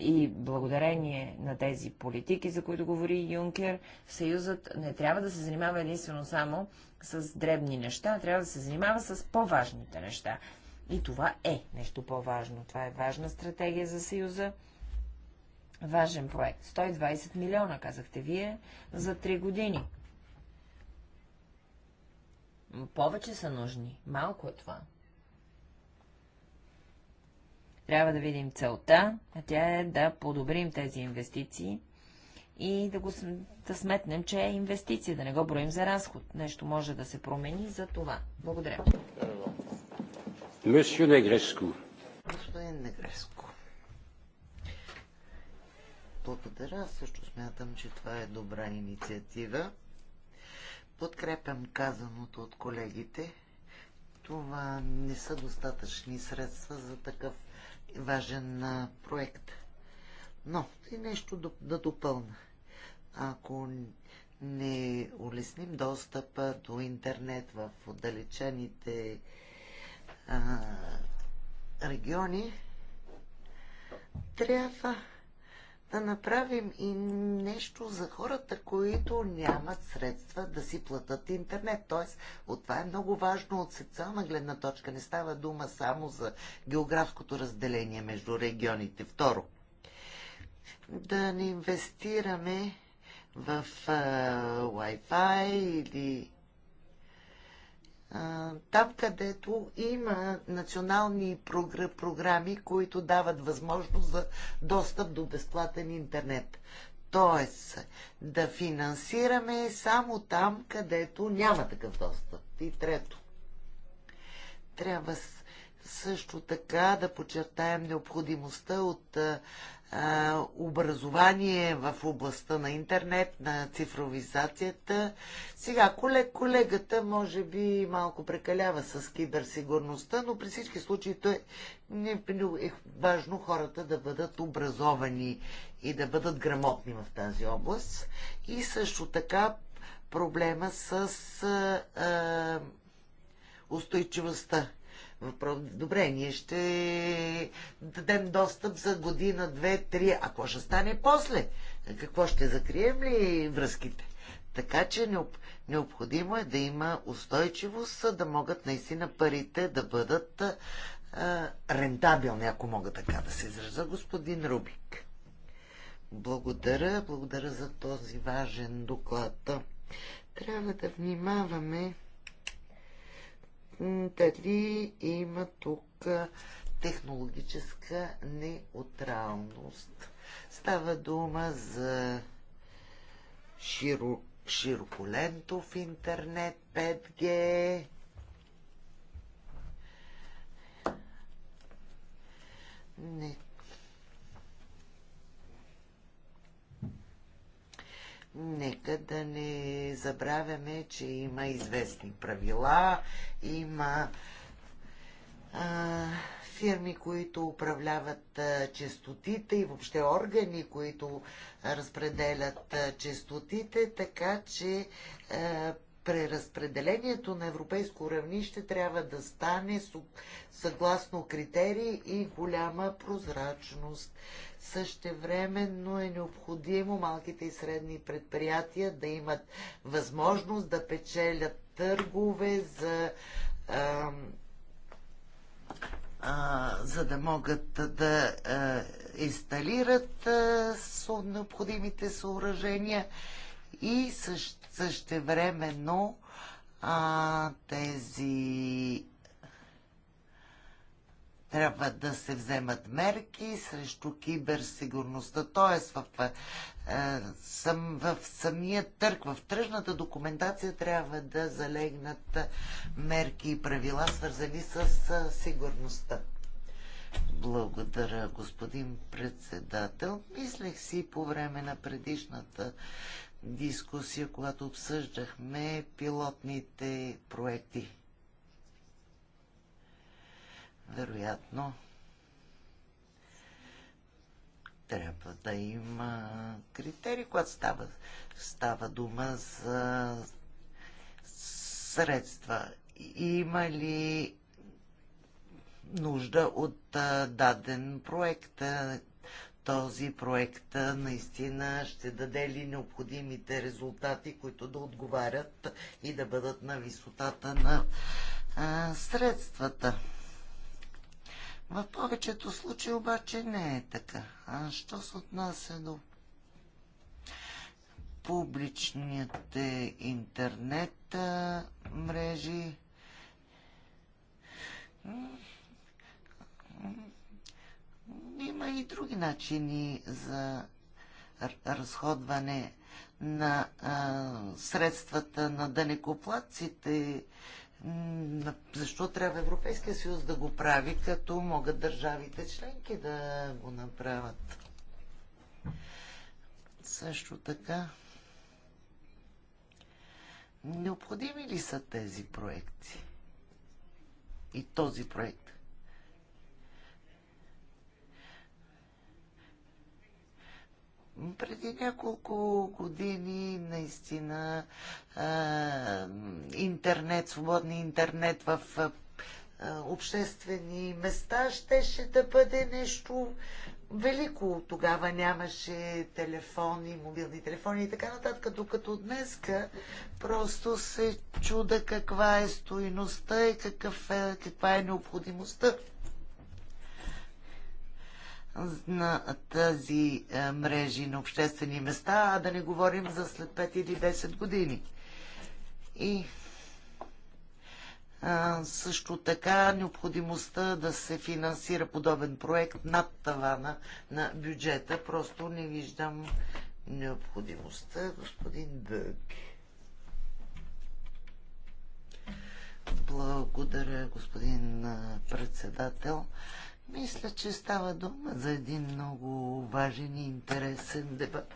и благодарение на тези политики, за които говори Юнкер, Съюзът не трябва да се занимава единствено само с дребни неща, трябва да се занимава с по-важните неща. И това е нещо по-важно. Това е важна стратегия за Съюза. Важен проект. 120 милиона, казахте вие, за 3 години. Повече са нужни. Малко е това. Трябва да видим целта, а тя е да подобрим тези инвестиции и да, го, да сметнем, че е инвестиция, да не го броим за разход. Нещо може да се промени за това. Благодаря. Месье Негреско. Господин Негреско. Благодаря. Също смятам, че това е добра инициатива. Подкрепям казаното от колегите. Това не са достатъчни средства за такъв важен проект. Но и нещо да, да допълна. Ако не улесним достъпа до интернет в отдалечените а, региони, трябва да направим и нещо за хората, които нямат средства да си платят интернет. Тоест, от това е много важно от социална гледна точка. Не става дума само за географското разделение между регионите. Второ, да не инвестираме в а, Wi-Fi или там, където има национални програми, които дават възможност за достъп до безплатен интернет. Тоест, да финансираме само там, където няма такъв достъп. И трето, трябва също така да подчертаем необходимостта от образование в областта на интернет, на цифровизацията. Сега, колег, колегата може би малко прекалява с киберсигурността, но при всички случаи то е, е важно хората да бъдат образовани и да бъдат грамотни в тази област. И също така проблема с а, устойчивостта въпрос. Добре, ние ще дадем достъп за година, две, три. А какво ще стане после? Какво ще закрием ли връзките? Така че необ, необходимо е да има устойчивост, да могат наистина парите да бъдат а, рентабилни, ако мога така да се израза, господин Рубик. Благодаря, благодаря за този важен доклад. Трябва да внимаваме дали има тук технологическа неутралност. Става дума за широ, широколентов интернет, 5G, не, нека да не забравяме, че има известни правила, има а, фирми, които управляват а, честотите и въобще органи, които разпределят а, честотите, така че а, преразпределението на европейско равнище трябва да стане съгласно критерии и голяма прозрачност. Същевременно е необходимо малките и средни предприятия да имат възможност да печелят търгове за а, а, за да могат да а, инсталират а, необходимите съоръжения и също, същевременно а, тези трябва да се вземат мерки срещу киберсигурността, т.е. в, в, е, в самия търг, в тръжната документация трябва да залегнат мерки и правила, свързани с е, сигурността. Благодаря, господин председател. Мислех си по време на предишната дискусия, когато обсъждахме пилотните проекти вероятно трябва да има критерии, когато става, става дума за средства. Има ли нужда от даден проект? Този проект наистина ще даде ли необходимите резултати, които да отговарят и да бъдат на висотата на а, средствата? В повечето случаи обаче не е така. А що се отнася до публичният интернет мрежи? Има и други начини за разходване на а, средствата на дънекоплатците защо трябва Европейския съюз да го прави, като могат държавите членки да го направят? Също така, необходими ли са тези проекти? И този проект преди няколко години наистина а, интернет, свободния интернет в а, обществени места щеше да бъде нещо велико. Тогава нямаше телефони, мобилни телефони и така нататък. Докато днеска просто се чуда каква е стоиността и какъв е, каква е необходимостта на тази е, мрежи на обществени места, а да не говорим за след 5 или 10 години. И а, също така необходимостта да се финансира подобен проект над тавана на бюджета. Просто не виждам необходимостта, господин Бъги. Благодаря, господин председател. Мисля, че става дума за един много важен и интересен дебат.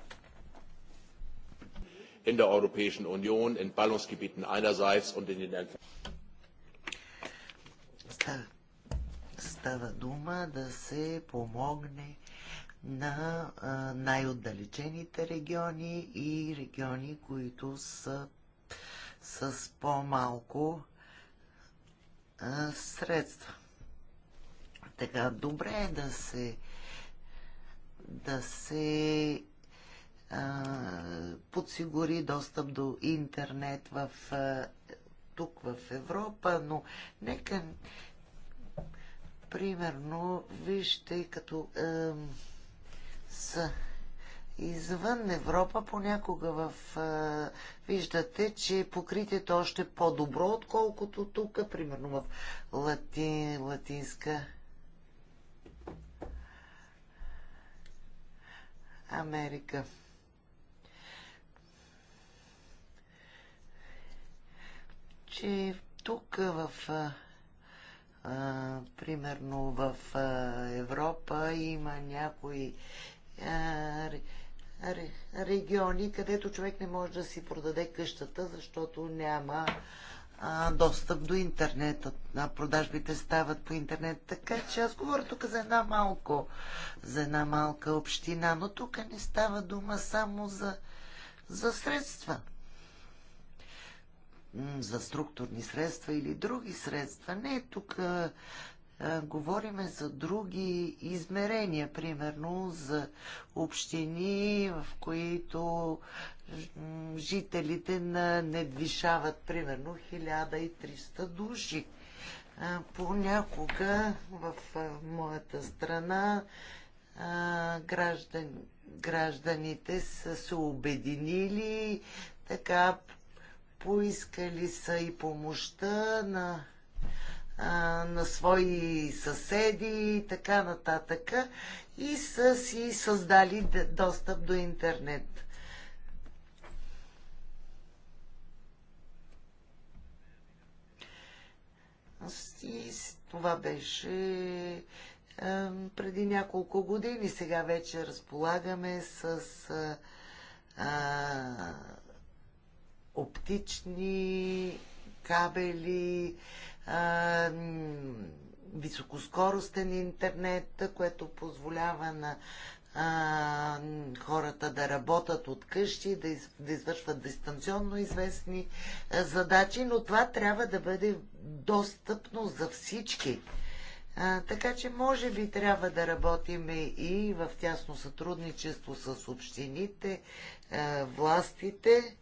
In der Europäischen Union, in Ballungsgebieten einerseits und in den става, става дума да се помогне на най-отдалечените региони и региони, които са с по-малко средства така добре е да се да се а, подсигури достъп до интернет в, а, тук в Европа, но нека примерно вижте като а, са извън Европа понякога в, а, виждате, че покритието е още по-добро, отколкото тук, примерно в Лати, Латинска Америка. Че тук в а, примерно в а, Европа има някои а, региони, където човек не може да си продаде къщата, защото няма а, достъп до интернет, а продажбите стават по интернет. Така че аз говоря тук за една малко, за една малка община, но тук не става дума само за, за средства. За структурни средства или други средства. Не, тук говориме за други измерения, примерно за общини, в които жителите на недвишават примерно 1300 души. Понякога в моята страна граждан, гражданите са се обединили, така поискали са и помощта на на свои съседи и така нататък и са си създали достъп до интернет. И това беше е, преди няколко години. Сега вече разполагаме с е, оптични кабели, високоскоростен интернет, което позволява на а, хората да работят от къщи, да, из, да извършват дистанционно известни а, задачи, но това трябва да бъде достъпно за всички. А, така че може би трябва да работим и в тясно сътрудничество с общините, а, властите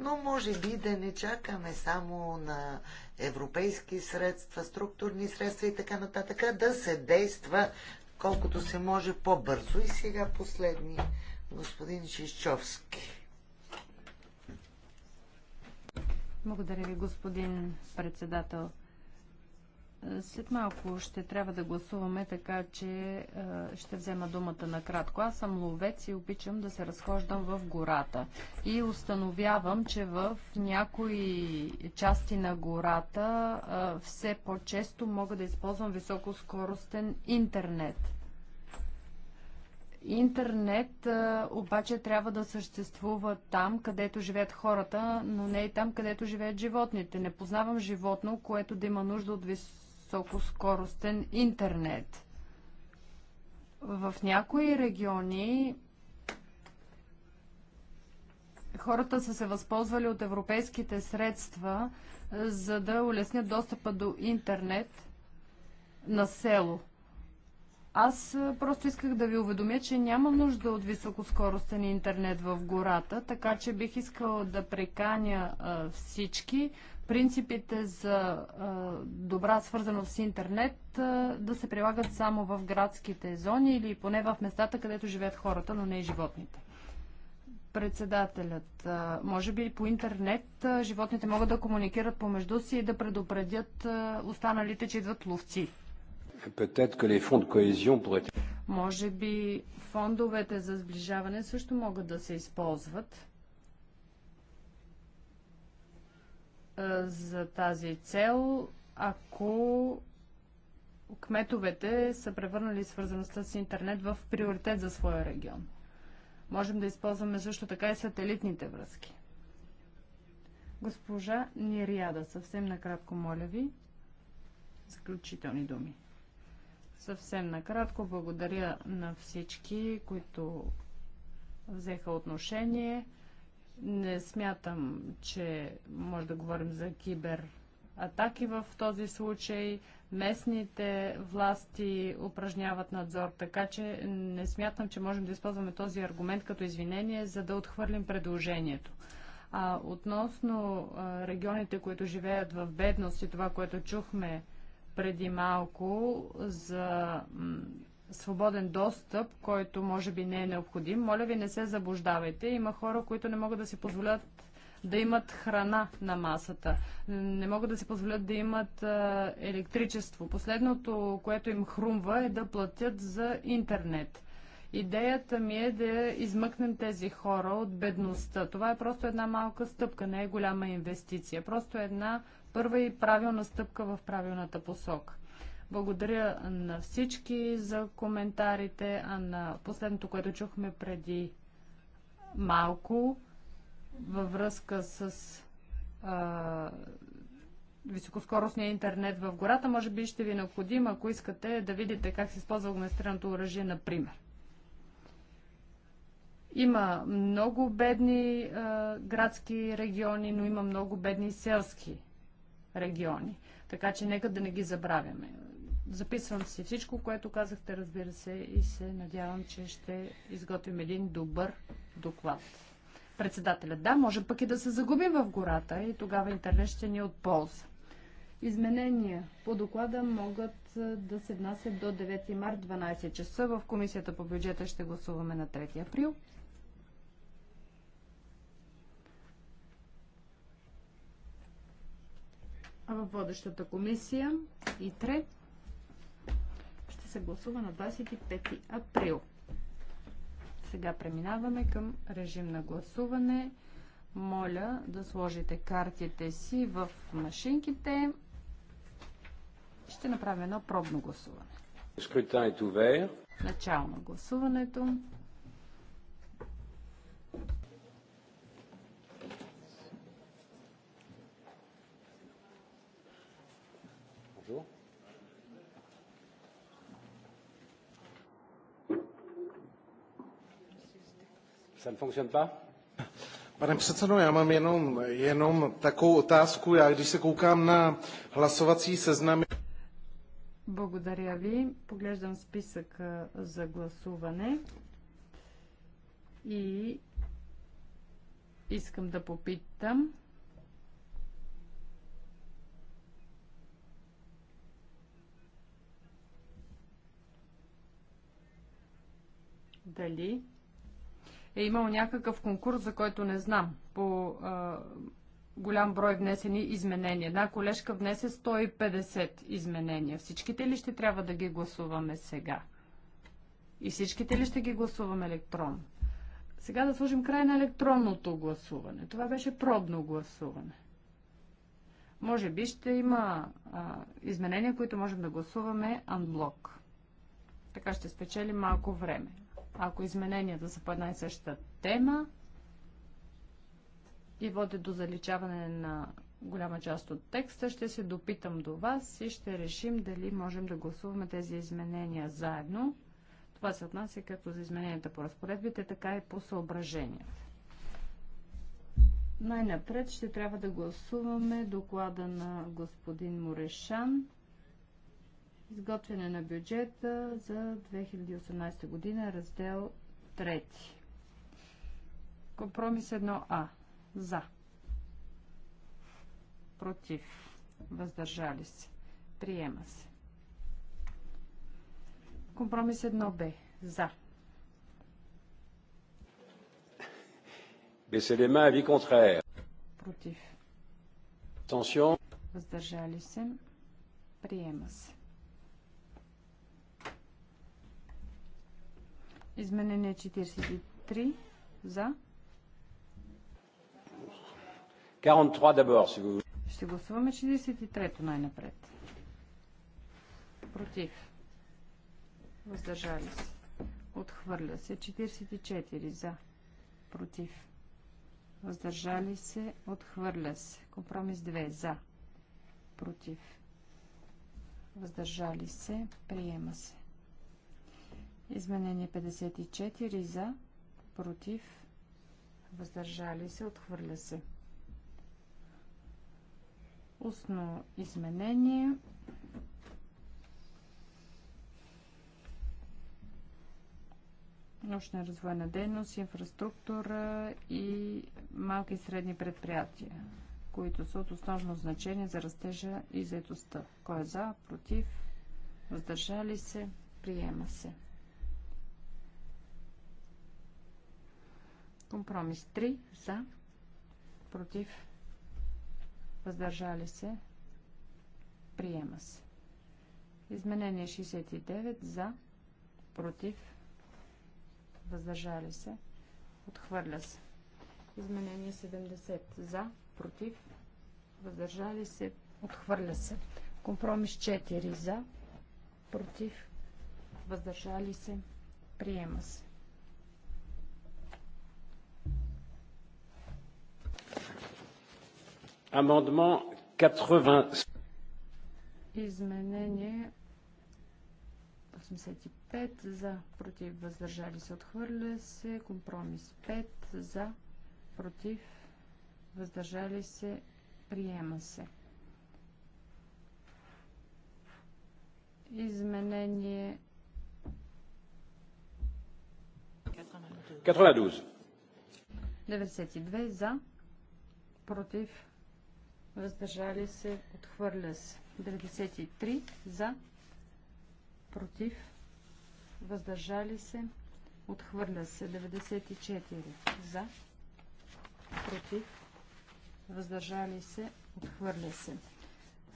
но може би да не чакаме само на европейски средства, структурни средства и така нататък, да се действа колкото се може по-бързо. И сега последни, господин Шишчовски. Благодаря ви, господин председател. След малко ще трябва да гласуваме, така че е, ще взема думата на кратко. Аз съм ловец и обичам да се разхождам в гората. И установявам, че в някои части на гората е, все по-често мога да използвам високоскоростен интернет. Интернет е, обаче трябва да съществува там, където живеят хората, но не и там, където живеят животните. Не познавам животно, което да има нужда от високоскоростен високоскоростен интернет. В някои региони хората са се възползвали от европейските средства, за да улеснят достъпа до интернет на село. Аз просто исках да ви уведомя, че няма нужда от високоскоростен интернет в гората, така че бих искала да преканя а, всички принципите за добра свързаност с интернет да се прилагат само в градските зони или поне в местата, където живеят хората, но не и животните. Председателят, може би по интернет животните могат да комуникират помежду си и да предупредят останалите, че идват ловци. Може би фондовете за сближаване също могат да се използват за тази цел, ако кметовете са превърнали свързаността с интернет в приоритет за своя регион. Можем да използваме също така и сателитните връзки. Госпожа Нириада, съвсем накратко, моля ви, заключителни думи. Съвсем накратко благодаря на всички, които взеха отношение. Не смятам, че може да говорим за кибератаки в този случай. Местните власти упражняват надзор, така че не смятам, че можем да използваме този аргумент като извинение, за да отхвърлим предложението. А, относно регионите, които живеят в бедност и това, което чухме преди малко за свободен достъп, който може би не е необходим. Моля ви, не се заблуждавайте. Има хора, които не могат да си позволят да имат храна на масата. Не могат да си позволят да имат а, електричество. Последното, което им хрумва е да платят за интернет. Идеята ми е да измъкнем тези хора от бедността. Това е просто една малка стъпка, не е голяма инвестиция. Просто една първа и правилна стъпка в правилната посока. Благодаря на всички за коментарите, а на последното, което чухме преди малко във връзка с а, високоскоростния интернет в гората, може би ще ви е необходим, ако искате да видите как се използва огнестрелното оръжие, например. Има много бедни а, градски региони, но има много бедни селски региони. Така че нека да не ги забравяме. Записвам си всичко, което казахте, разбира се, и се надявам, че ще изготвим един добър доклад. Председателя, да, може пък и да се загуби в гората и тогава интернет ще ни е от полза. Изменения по доклада могат да се внасят до 9 март 12 часа. В комисията по бюджета ще гласуваме на 3 април. А в водещата комисия и 3 се гласува на 25 април. Сега преминаваме към режим на гласуване. Моля да сложите картите си в машинките. Ще направим едно пробно гласуване. Е Начало на гласуването. Ça ne fonctionne pas Pane předsedo, já mám jenom, jenom takovou otázku. Já když se koukám na hlasovací seznamy... Благодаря ви. Поглеждам списък за гласуване и искам да попитам дали е имал някакъв конкурс, за който не знам, по а, голям брой внесени изменения. Една колежка внесе 150 изменения. Всичките ли ще трябва да ги гласуваме сега? И всичките ли ще ги гласуваме електронно? Сега да сложим край на електронното гласуване. Това беше пробно гласуване. Може би ще има а, изменения, които можем да гласуваме анблок. Така ще спечелим малко време. Ако измененията са по една и съща тема и водят до заличаване на голяма част от текста, ще се допитам до вас и ще решим дали можем да гласуваме тези изменения заедно. Това се отнася както за измененията по разпоредбите, така и по съображенията. Най-напред ще трябва да гласуваме доклада на господин Морешан Изготвяне на бюджета за 2018 година, раздел 3. Компромис 1А. За. Против. Въздържали се. Приема се. Компромис 1Б. За. Baissez les mains, avis contraire. Против. Tension. Въздържали се. Приема се. Изменение 43 за. 43 d'abord, si vous... Ще гласуваме 43-то най-напред. Против. Въздържали се. Отхвърля се. 44 за. Против. Въздържали се. Отхвърля се. Компромис 2 за. Против. Въздържали се. Приема се. Изменение 54 за, против, въздържали се, отхвърля се. Устно изменение. Научна развойна дейност, инфраструктура и малки и средни предприятия, които са от основно значение за растежа и заедостта. Кой е за, против, въздържали се, приема се. Компромис 3 за, против, въздържали се, приема се. Изменение 69 за, против, въздържали се, отхвърля се. Изменение 70 за, против, въздържали се, отхвърля се. Компромис 4 за, против, въздържали се, приема се. Amendement 80. Изменение 85 за, против, въздържали се, отхвърля се. Компромис 5 за, против, въздържали се, приема се. Изменение 92 за, против, въздържали се, отхвърля се. 93 за, против, въздържали се, отхвърля се. 94 за, против, въздържали се, отхвърля се.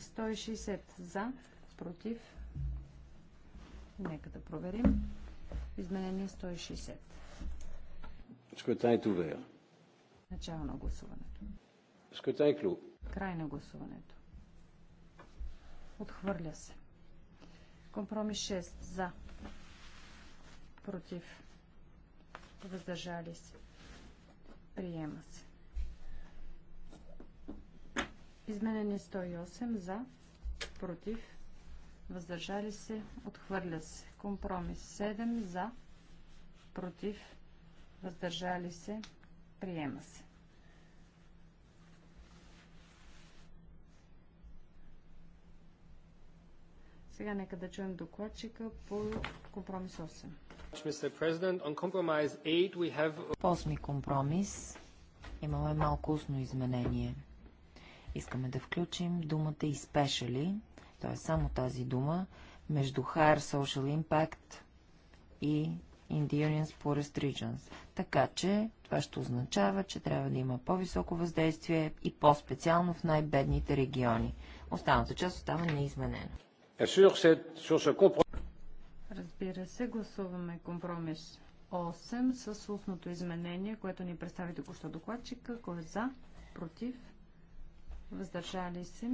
160 за, против, нека да проверим. Изменение 160. Скрутин е Начало на гласуването. Скрутин е клуб. Край на гласуването. Отхвърля се. Компромис 6. За. Против. Въздържали се. Приема се. Изменение 108. За. Против. Въздържали се. Отхвърля се. Компромис 7. За. Против. Въздържали се. Приема се. Сега нека да чуем докладчика по компромис 8. Осми компромис. Имаме малко устно изменение. Искаме да включим думата то т.е. само тази дума, между higher social impact и in the poorest regions. Така че това ще означава, че трябва да има по-високо въздействие и по-специално в най-бедните региони. Останата част остава неизменена. Разбира се, гласуваме компромис 8 с устното изменение, което ни представи току-що докладчика. Кой е за? Против? Въздържали се?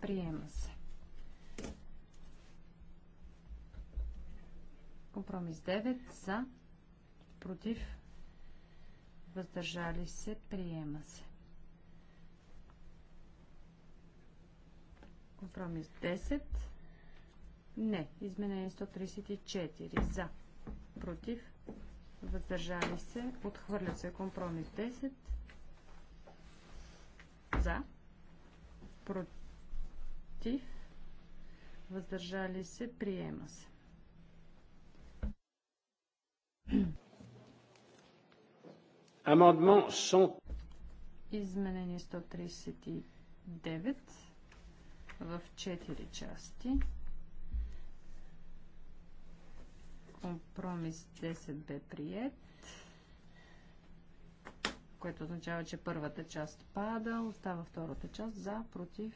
Приема се. Компромис 9 за? Против? Въздържали се? Приема се. Компромис 10 не. Изменение 134. За. Против. Въздържали се. Отхвърля се. Компромис 10. За. Против. Въздържали се. Приема се. Амандмент 100. Изменение 139 в 4 части. Компромис 10 бе прият, което означава, че първата част пада, остава втората част за, против,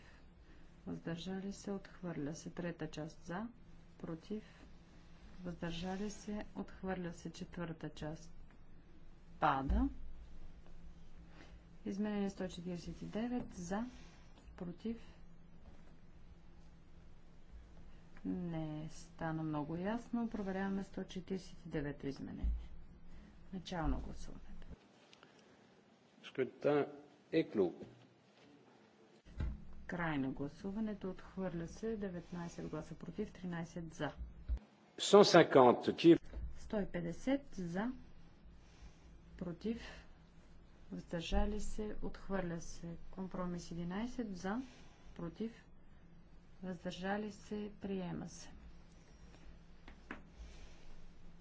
въздържали се, отхвърля се. Трета част за, против, въздържали се, отхвърля се. Четвърта част пада. Изменение 149 за, против, не стана много ясно. Проверяваме 149 изменения. Начално гласуването. Скрита е клуб. Край на гласуването отхвърля се 19 гласа против, 13 за. 150 за, против, въздържали се, отхвърля се. Компромис 11 за, против, въздържали се, приема се.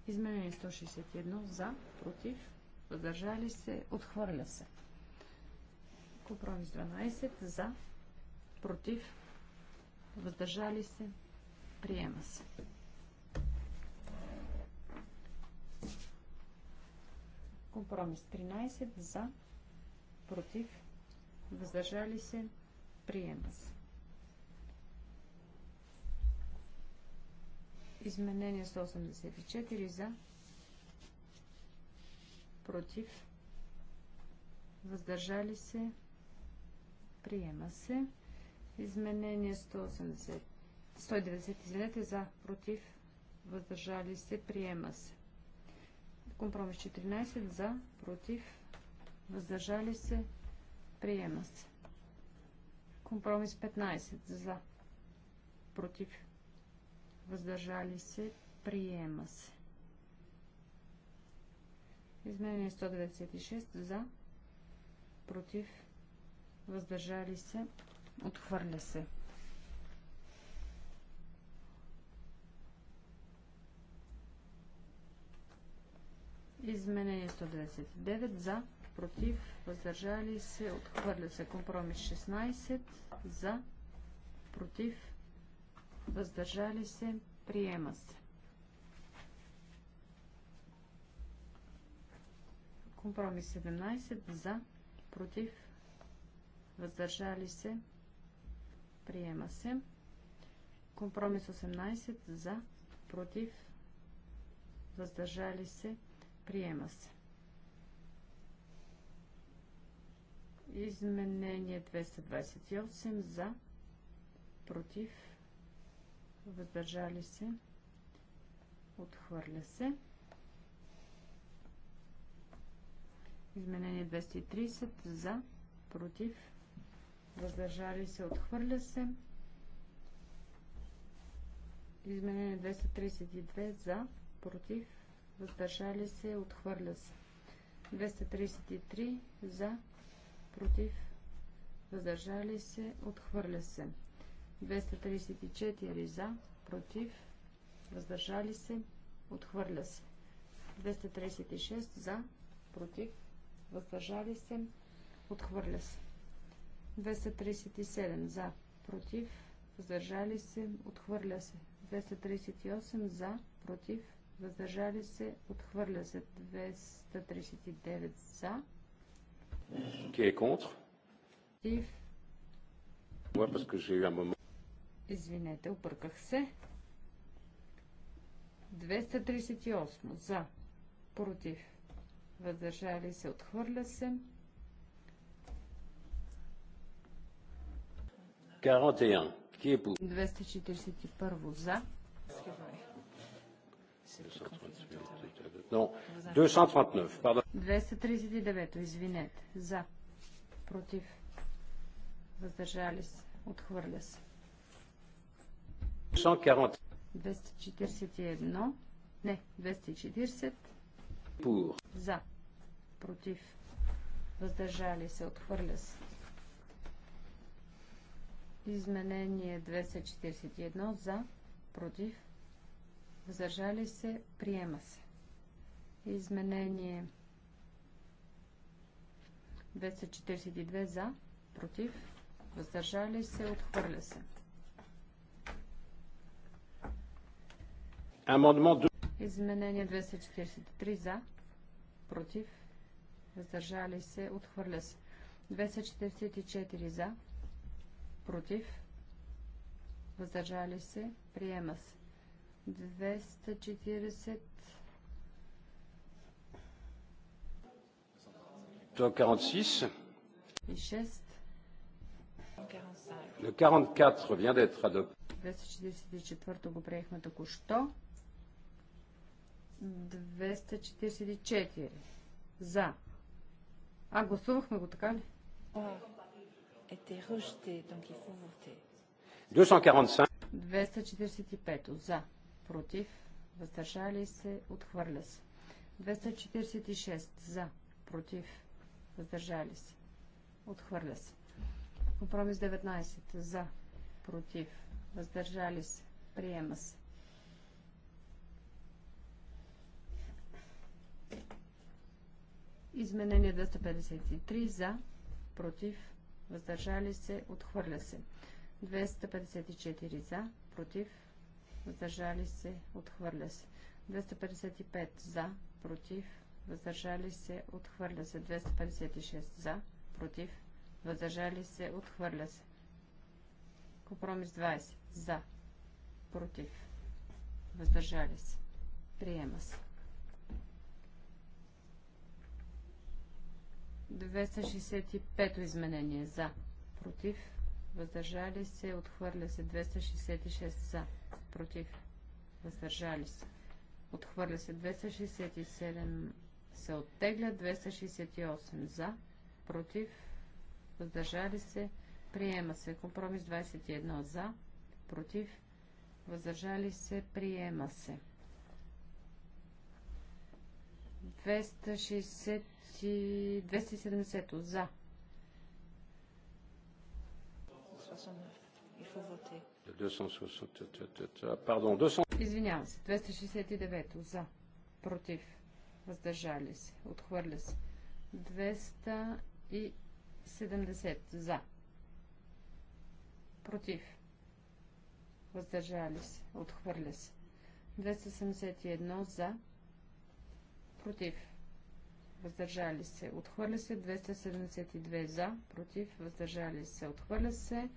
Изменение 161 за, против, въздържали се, отхвърля се. Компромис 12 за, против, въздържали се, приема се. Компромис 13 за, против, въздържали се, приема се. Изменение 184 за, против, въздържали се, приема се. Изменение 180, 190, извинете, за, против, въздържали се, приема се. Компромис 14 за, против, въздържали се, приема се. Компромис 15 за, против, въздържали се, приема се. Изменение 196 за, против, въздържали се, отхвърля се. Изменение 199 за, против, въздържали се, отхвърля се. Компромис 16 за, против, въздържали се, приема се. Компромис 17 за, против, въздържали се, приема се. Компромис 18 за, против, въздържали се, приема се. Изменение 228 за, против, въздържали се, отхвърля се. Изменение 230 за, против, въздържали се, отхвърля се. Изменение 232 за, против, въздържали се, отхвърля се. 233 за, против, въздържали се, отхвърля се. 234 за, против, въздържали се, отхвърля се. 236 за, против, въздържали се, отхвърля се. 237 за, против, въздържали се, отхвърля се. 238 за, против, въздържали се, отхвърля се. 239 за. Qui est contre Moi, parce que j'ai eu un moment. Извинете, обърках се. 238 за, против, въздържали се, отхвърля се. 241 за. 239, извинете. За. Против. Въздържали се. Отхвърля се. 241. Не, 240. Pour. За. Против. Въздържали се. Отхвърля се. Изменение 241. За. Против. Въздържали се. Приема се. Изменение 242. За. Против. Въздържали се. Отхвърля се. Изменение 243 за, против, въздържали се, отхвърля се. 244 за, против, въздържали се, приема се. 240 И 6. Le 44 vient d'être adopté. 244 го приехме току-що. 244. За. А, гласувахме го, така ли? Ете ръжте, донки 245. Е 245. За. Против. Въздържали се. Отхвърля се. 246. За. Против. Въздържали се. Отхвърля се. Компромис 19. За. Против. Въздържали се. Приема се. Изменение 253 за, против, въздържали се, отхвърля се. 254 за, против, въздържали се, отхвърля се. 255 за, против, въздържали се, отхвърля се. 256 за, против, въздържали се, отхвърля се. Компромис 20 за, против, въздържали се, приема се. 265 изменение за. Против. Въздържали се. Отхвърля се. 266 за. Против. Въздържали се. Отхвърля се. 267 се оттегля. 268 за. Против. Въздържали се. Приема се. Компромис 21 за. Против. Въздържали се. Приема се. 260 и 270 за. Извинявам се. 269 за. Против. Въздържали се. Отхвърля се. 270 за. Против. Въздържали се. Отхвърля се. 271 за против, въздържали се, отхвърля се, 272 за, против, въздържали се, отхвърля се,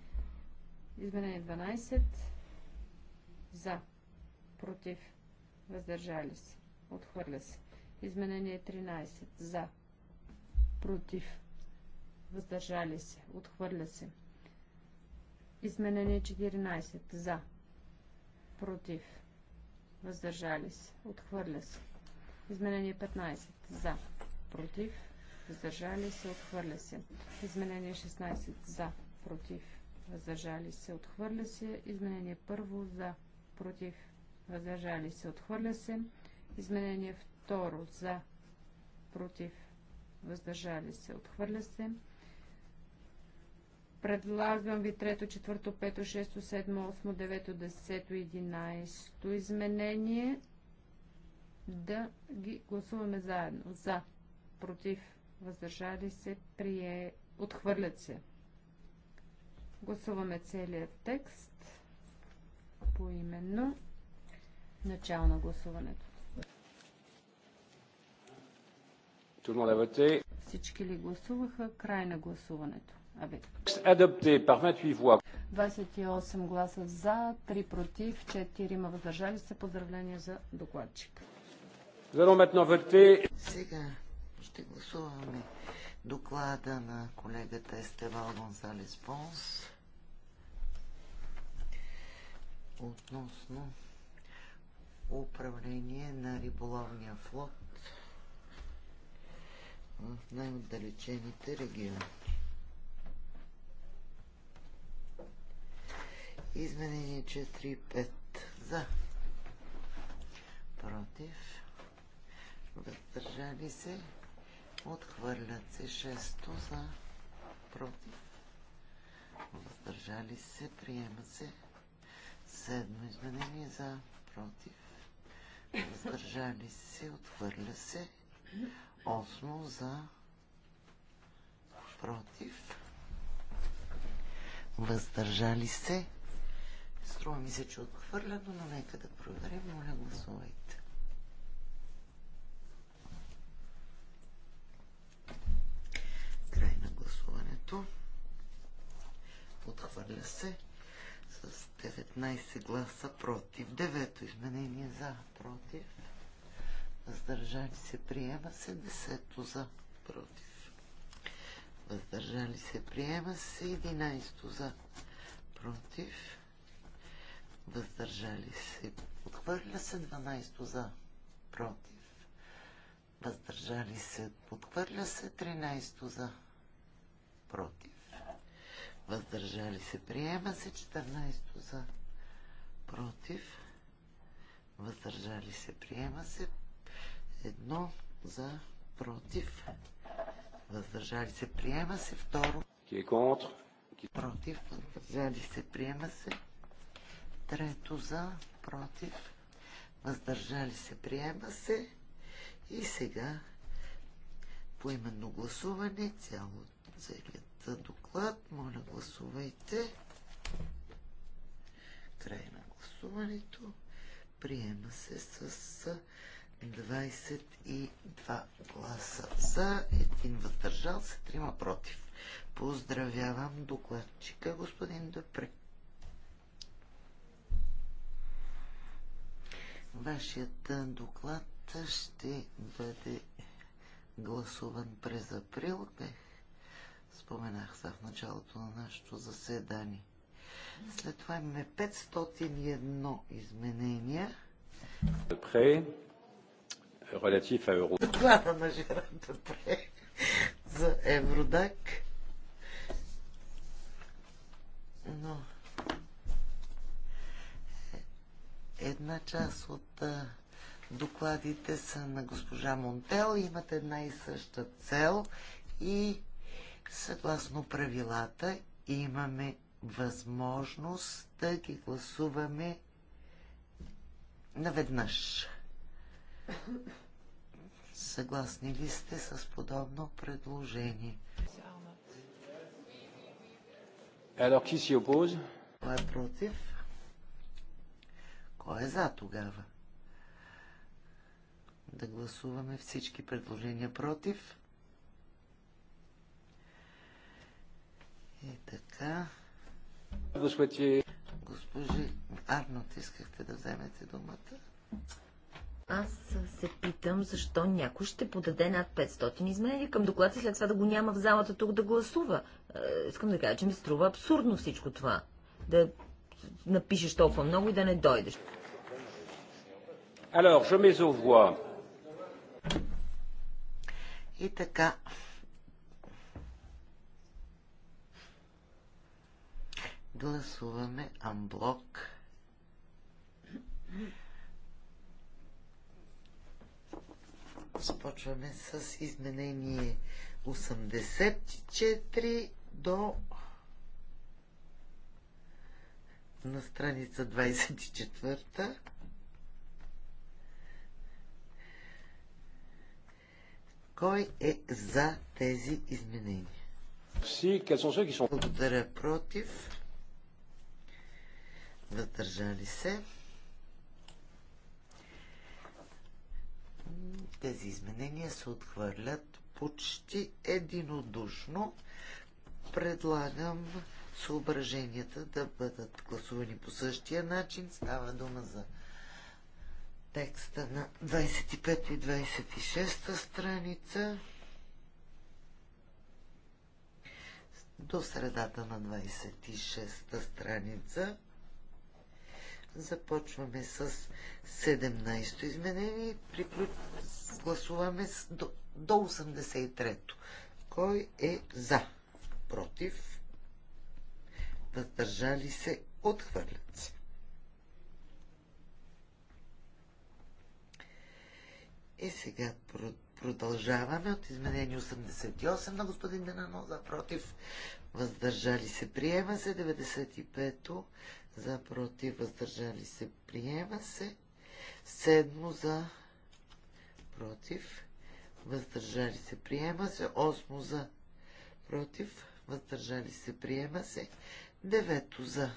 изменение 12 за, против, въздържали се, отхвърля се, изменение 13 за, против, въздържали се, отхвърля се, изменение 14 за, против, въздържали се, отхвърля се. Изменение 15. За. Против. Въздържали се. Отхвърля се. Изменение 16. За. Против. Въздържали се. Отхвърля се. Изменение 1. За. Против. Въздържали се. Отхвърля се. Изменение 2. За. Против. Въздържали се. Отхвърля се. Предлагам ви 3, 4, 5, 6, 7, 8, 9, 10, 11 изменение да ги гласуваме заедно. За, против, въздържали се, прие, отхвърлят се. Гласуваме целият текст поименно. Начало на гласуването. Всички ли гласуваха? Край на гласуването. Абе. 28 гласа за, 3 против, 4 въздържали се. Поздравления за докладчика. Сега ще гласуваме доклада на колегата Естевал Гонзалес Понс относно управление на риболовния флот в най-отдалечените региони. Изменение 4-5 за против въздържали се, отхвърлят се 6 за, против, въздържали се, приема се. Седмо изменение за, против, въздържали се, отхвърля се. Осмо за, против, въздържали се. Струва ми се, че е отхвърля, но нека да проверим. Моля, гласувайте. прието. Отхвърля се с 19 гласа против. Девето изменение за против. Въздържали се приема се. Десето за против. Въздържали се приема се. 11 за против. Въздържали се. Отхвърля се 12 за против. Въздържали се. Отхвърля се 13 за против против. Въздържали се. Приема се 14 за против. Въздържали се. Приема се. Едно за против. Въздържали се. Приема се. Второ. Ки е контр? Против. Въздържали се. Приема се. Трето за против. Въздържали се. Приема се. И сега поименно гласуване цялото целият доклад. Моля, гласувайте. Край на гласуването. Приема се с 22 гласа за, един въздържал се, трима против. Поздравявам докладчика, господин Допре. Вашият доклад ще бъде гласуван през април. Бех споменах за в началото на нашето заседание. След това имаме 501 изменения. Депре, релатив а Евро... Доклада на Жерар Депре за Евродак. Но една част от докладите са на госпожа Монтел. Имат една и съща цел и Съгласно правилата имаме възможност да ги гласуваме наведнъж. Съгласни ли сте с подобно предложение? Alors, qui s'y oppose Кой е против? Кой е за тогава? Да гласуваме всички предложения против. И така. Господи. Госпожи Арнот, искахте да вземете думата. Аз се питам, защо някой ще подаде над 500 изменения към доклад и след това да го няма в залата тук да гласува. Е, искам да кажа, че ми струва абсурдно всичко това. Да напишеш толкова много и да не дойдеш. Alors, je mets au voix. И така, Гласуваме амблок. Започваме с изменение 84 до на страница 24. Кой е за тези изменения? Благодаря против въздържали се. Тези изменения се отхвърлят почти единодушно. Предлагам съображенията да бъдат гласувани по същия начин. Става дума за текста на 25 и 26 страница до средата на 26 страница Започваме с 17-то изменение и приключ... гласуваме с... до, до 83-то. Кой е за? Против? Въздържали се? Отхвърлят се. И сега продължаваме от изменение 88 на господин Денано за против. Въздържали се. Приема се 95-то за против, въздържали се, приема се. Седмо за против, въздържали се, приема се. Осмо за против, въздържали се, приема се. Девето за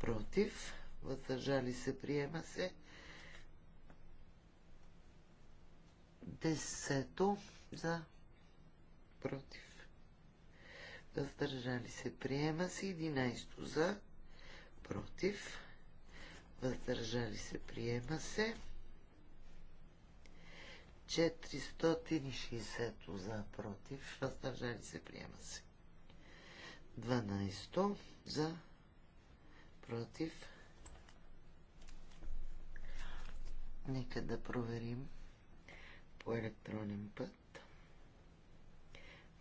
против, въздържали се, приема се. Десето за против. Въздържали се, приема се. Единайсто за против, въздържали се, приема се. 460 за против, въздържали се, приема се. 12 за против. Нека да проверим по електронен път.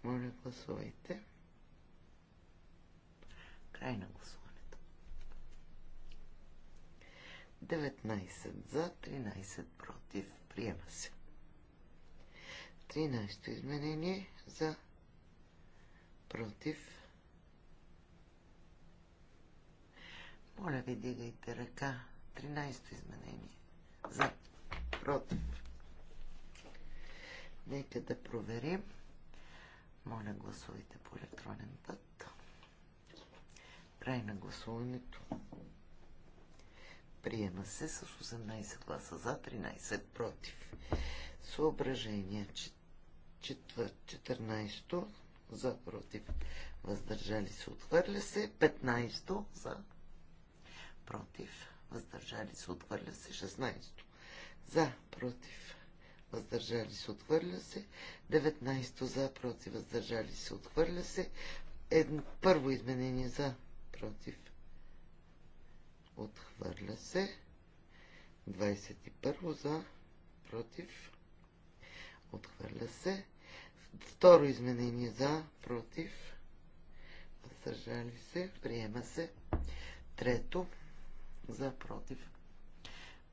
Моля, гласувайте. Крайна на 19 за, 13 против. Приема се. 13 изменение за против. Моля ви, дигайте ръка. 13 изменение за против. Нека да проверим. Моля, гласувайте по електронен път. Край на гласуването. Приема се с 18 гласа за, 13 против. Съображение 14 за, против. Въздържали се, отвърля се. 15 за, против. Въздържали се, отвърля се. 16 за, против. Въздържали се, отвърля се. 19 за, против. Въздържали се, отхвърля се. Едно, първо изменение за, против Отхвърля се. 21 за. Против. Отхвърля се. Второ изменение за. Против. Въздържали се. Приема се. Трето. За. Против.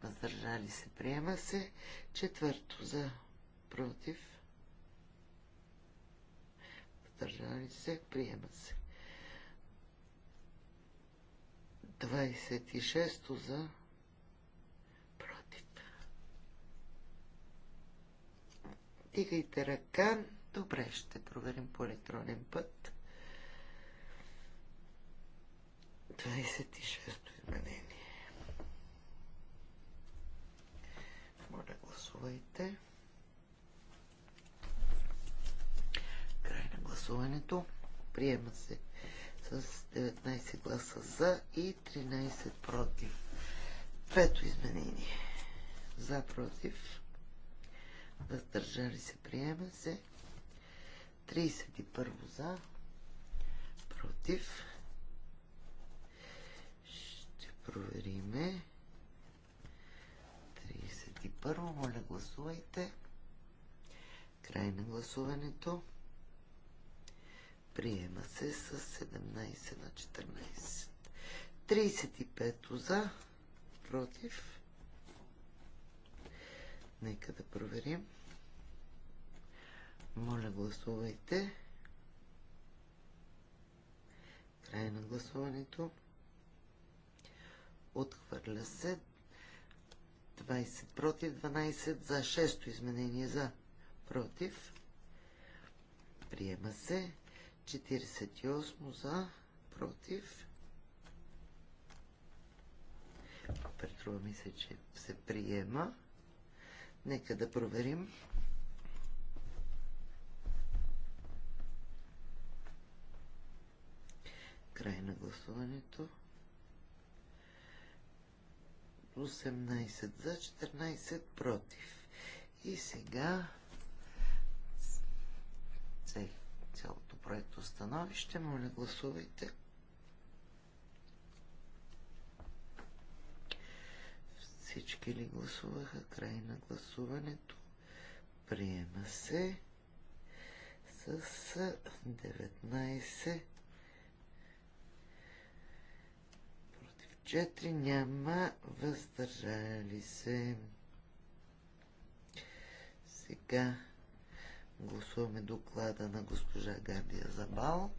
Въздържали се. Приема се. Четвърто за. Против. Въздържали се. Приема се. 26 за против. Дигайте ръка. Добре, ще проверим по електронен път. 26-то изменение. Моля, гласувайте. Край на гласуването. Приема се с 19 гласа за и 13 против. Пето изменение. За, против. Въздържали се, приема се. 31 за, против. Ще провериме. 31, моля гласувайте. Край на гласуването. Приема се с 17 на 14. 35 за, против. Нека да проверим. Моля, гласувайте. Край на гласуването. Отхвърля се. 20 против, 12 за. 6 изменение за. Против. Приема се. 48 за, против. Претрува ми се, че се приема. Нека да проверим. Край на гласуването. 18 за, 14 против. И сега... Цей цялото проекто становище. Моля, гласувайте. Всички ли гласуваха? Край на гласуването. Приема се с 19 против 4 няма въздържали се. Сега гласуваме доклада на госпожа Гардия Забал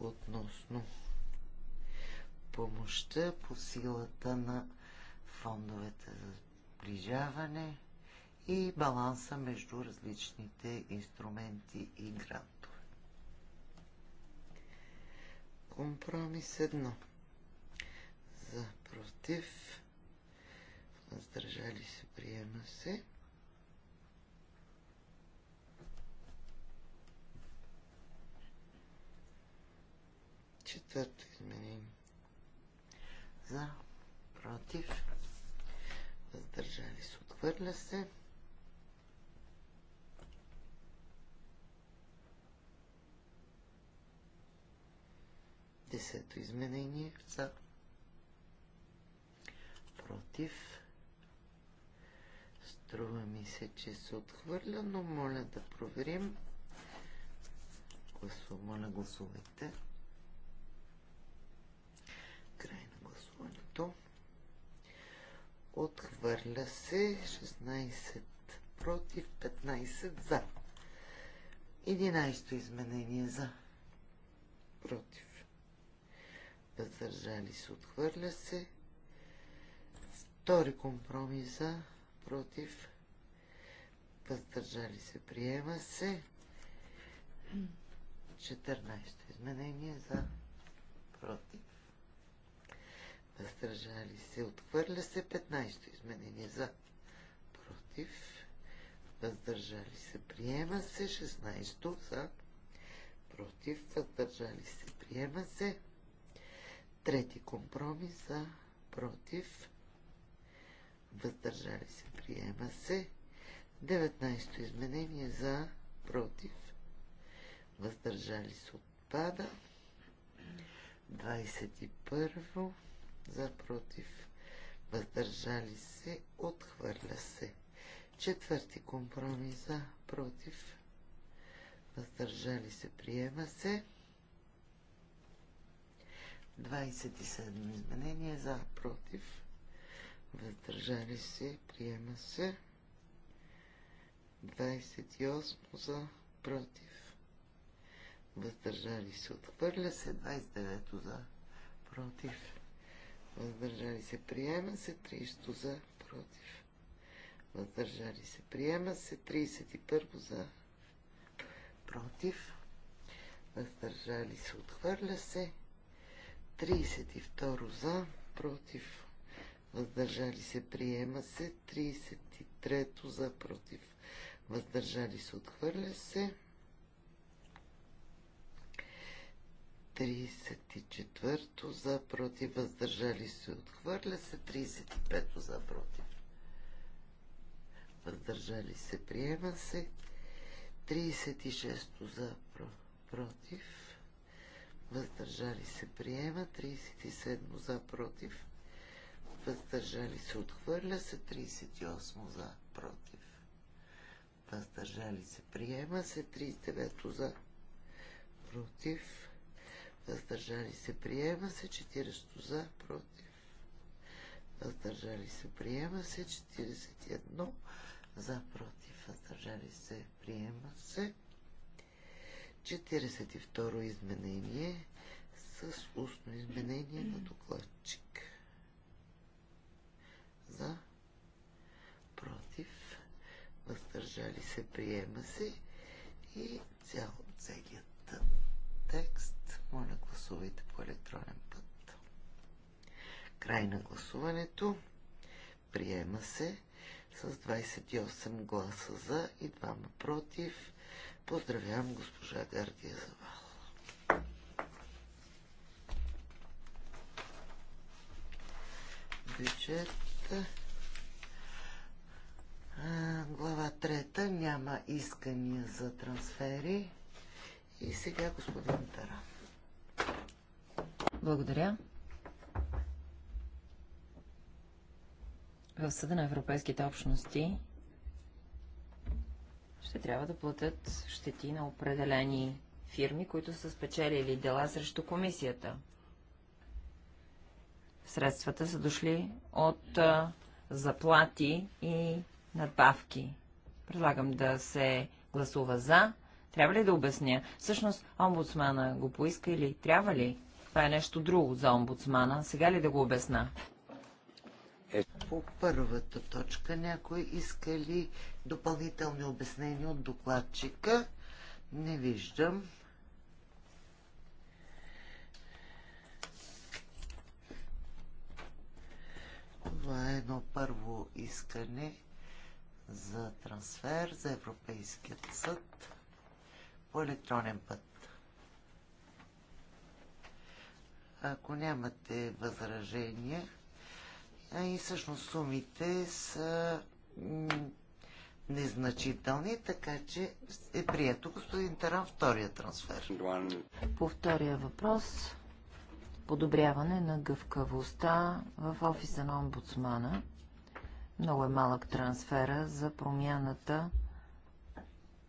относно помощта по силата на фондовете за сближаване и баланса между различните инструменти и грантове. Компромис 1. За против. Въздържали се, приема се. четвърто изменение. За, против, въздържали се, отхвърля се. Десето изменение за против. Струва ми се, че се отхвърля, но моля да проверим. гласувайте. Моля, гласувайте. Отхвърля се 16 против 15 за. 11 изменение за. Против. Въздържали се. Отхвърля се. Втори компромис за. Против. Въздържали се. Приема се. 14 изменение за. Против въздържали се, отхвърля се 15 изменение за, против, въздържали се, приема се 16 за, против, въздържали се, приема се трети компромис за, против, въздържали се, приема се 19 то изменение за, против, въздържали се, отпада 21 во за против, въздържали се, отхвърля се. Четвърти компромис за против, въздържали се, приема се. 27 изменение за против, въздържали се, приема се. 28 за против, въздържали се, отхвърля се. 29 за против въздържали се, приема се, 30 за, против, въздържали се, приема се, 31 за, против, въздържали се, отхвърля се, 32 за, против, въздържали се, приема се, 33 за, против, въздържали се, отхвърля се, 34 за против, въздържали се, отхвърля се, 35 за против. Въздържали се, приема се, 36 за против, въздържали се, приема, 37 за против, въздържали се, отхвърля се, 38 за против. Въздържали се, приема се, 39 за против въздържали се, приема се, 40 за, против, въздържали се, приема се, 41 за, против, въздържали се, приема се, 42 изменение с устно изменение на докладчик. За, против, въздържали се, приема се и цял целият текст моля, гласувайте по електронен път. Край на гласуването. Приема се с 28 гласа за и 2 против. Поздравявам госпожа Гардия Завал. Бюджет. Глава 3. Няма искания за трансфери. И сега господин Таран. Благодаря. В Съда на Европейските общности ще трябва да платят щети на определени фирми, които са спечелили дела срещу комисията. Средствата са дошли от заплати и надбавки. Предлагам да се гласува за. Трябва ли да обясня? Всъщност, омбудсмана го поиска или трябва ли? Това е нещо друго за омбудсмана. Сега ли да го обясна? Е. По първата точка някой иска ли допълнителни обяснения от докладчика? Не виждам. Това е едно първо искане за трансфер за Европейският съд по електронен път. ако нямате възражения. И всъщност сумите са незначителни, така че е прието господин Таран втория трансфер. По втория въпрос, подобряване на гъвкавостта в офиса на омбудсмана. Много е малък трансфера за промяната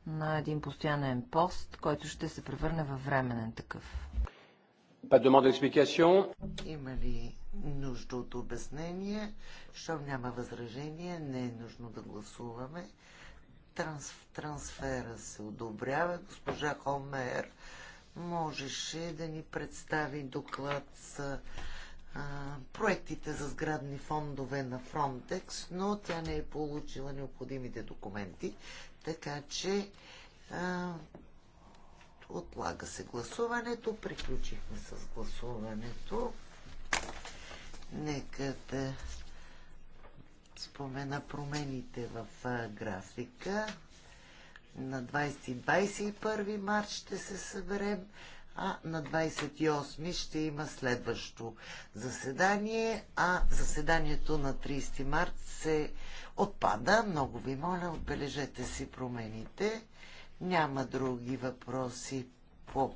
на един постоянен пост, който ще се превърне във временен такъв. Pas de demande d'explication. Има ли нужда от обяснение? Щом няма възражение, не е нужно да гласуваме. трансфера се одобрява. Госпожа Холмер можеше да ни представи доклад с а, проектите за сградни фондове на Фронтекс, но тя не е получила необходимите документи, така че а, Отлага се гласуването. Приключихме с гласуването. Нека да спомена промените в графика. На 20-21 март ще се съберем, а на 28 ще има следващо заседание, а заседанието на 30 март се отпада. Много ви моля, отбележете си промените. Няма други въпроси по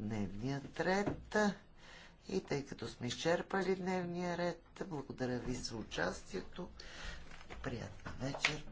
дневния ред. И тъй като сме изчерпали дневния ред, благодаря ви за участието. Приятна вечер.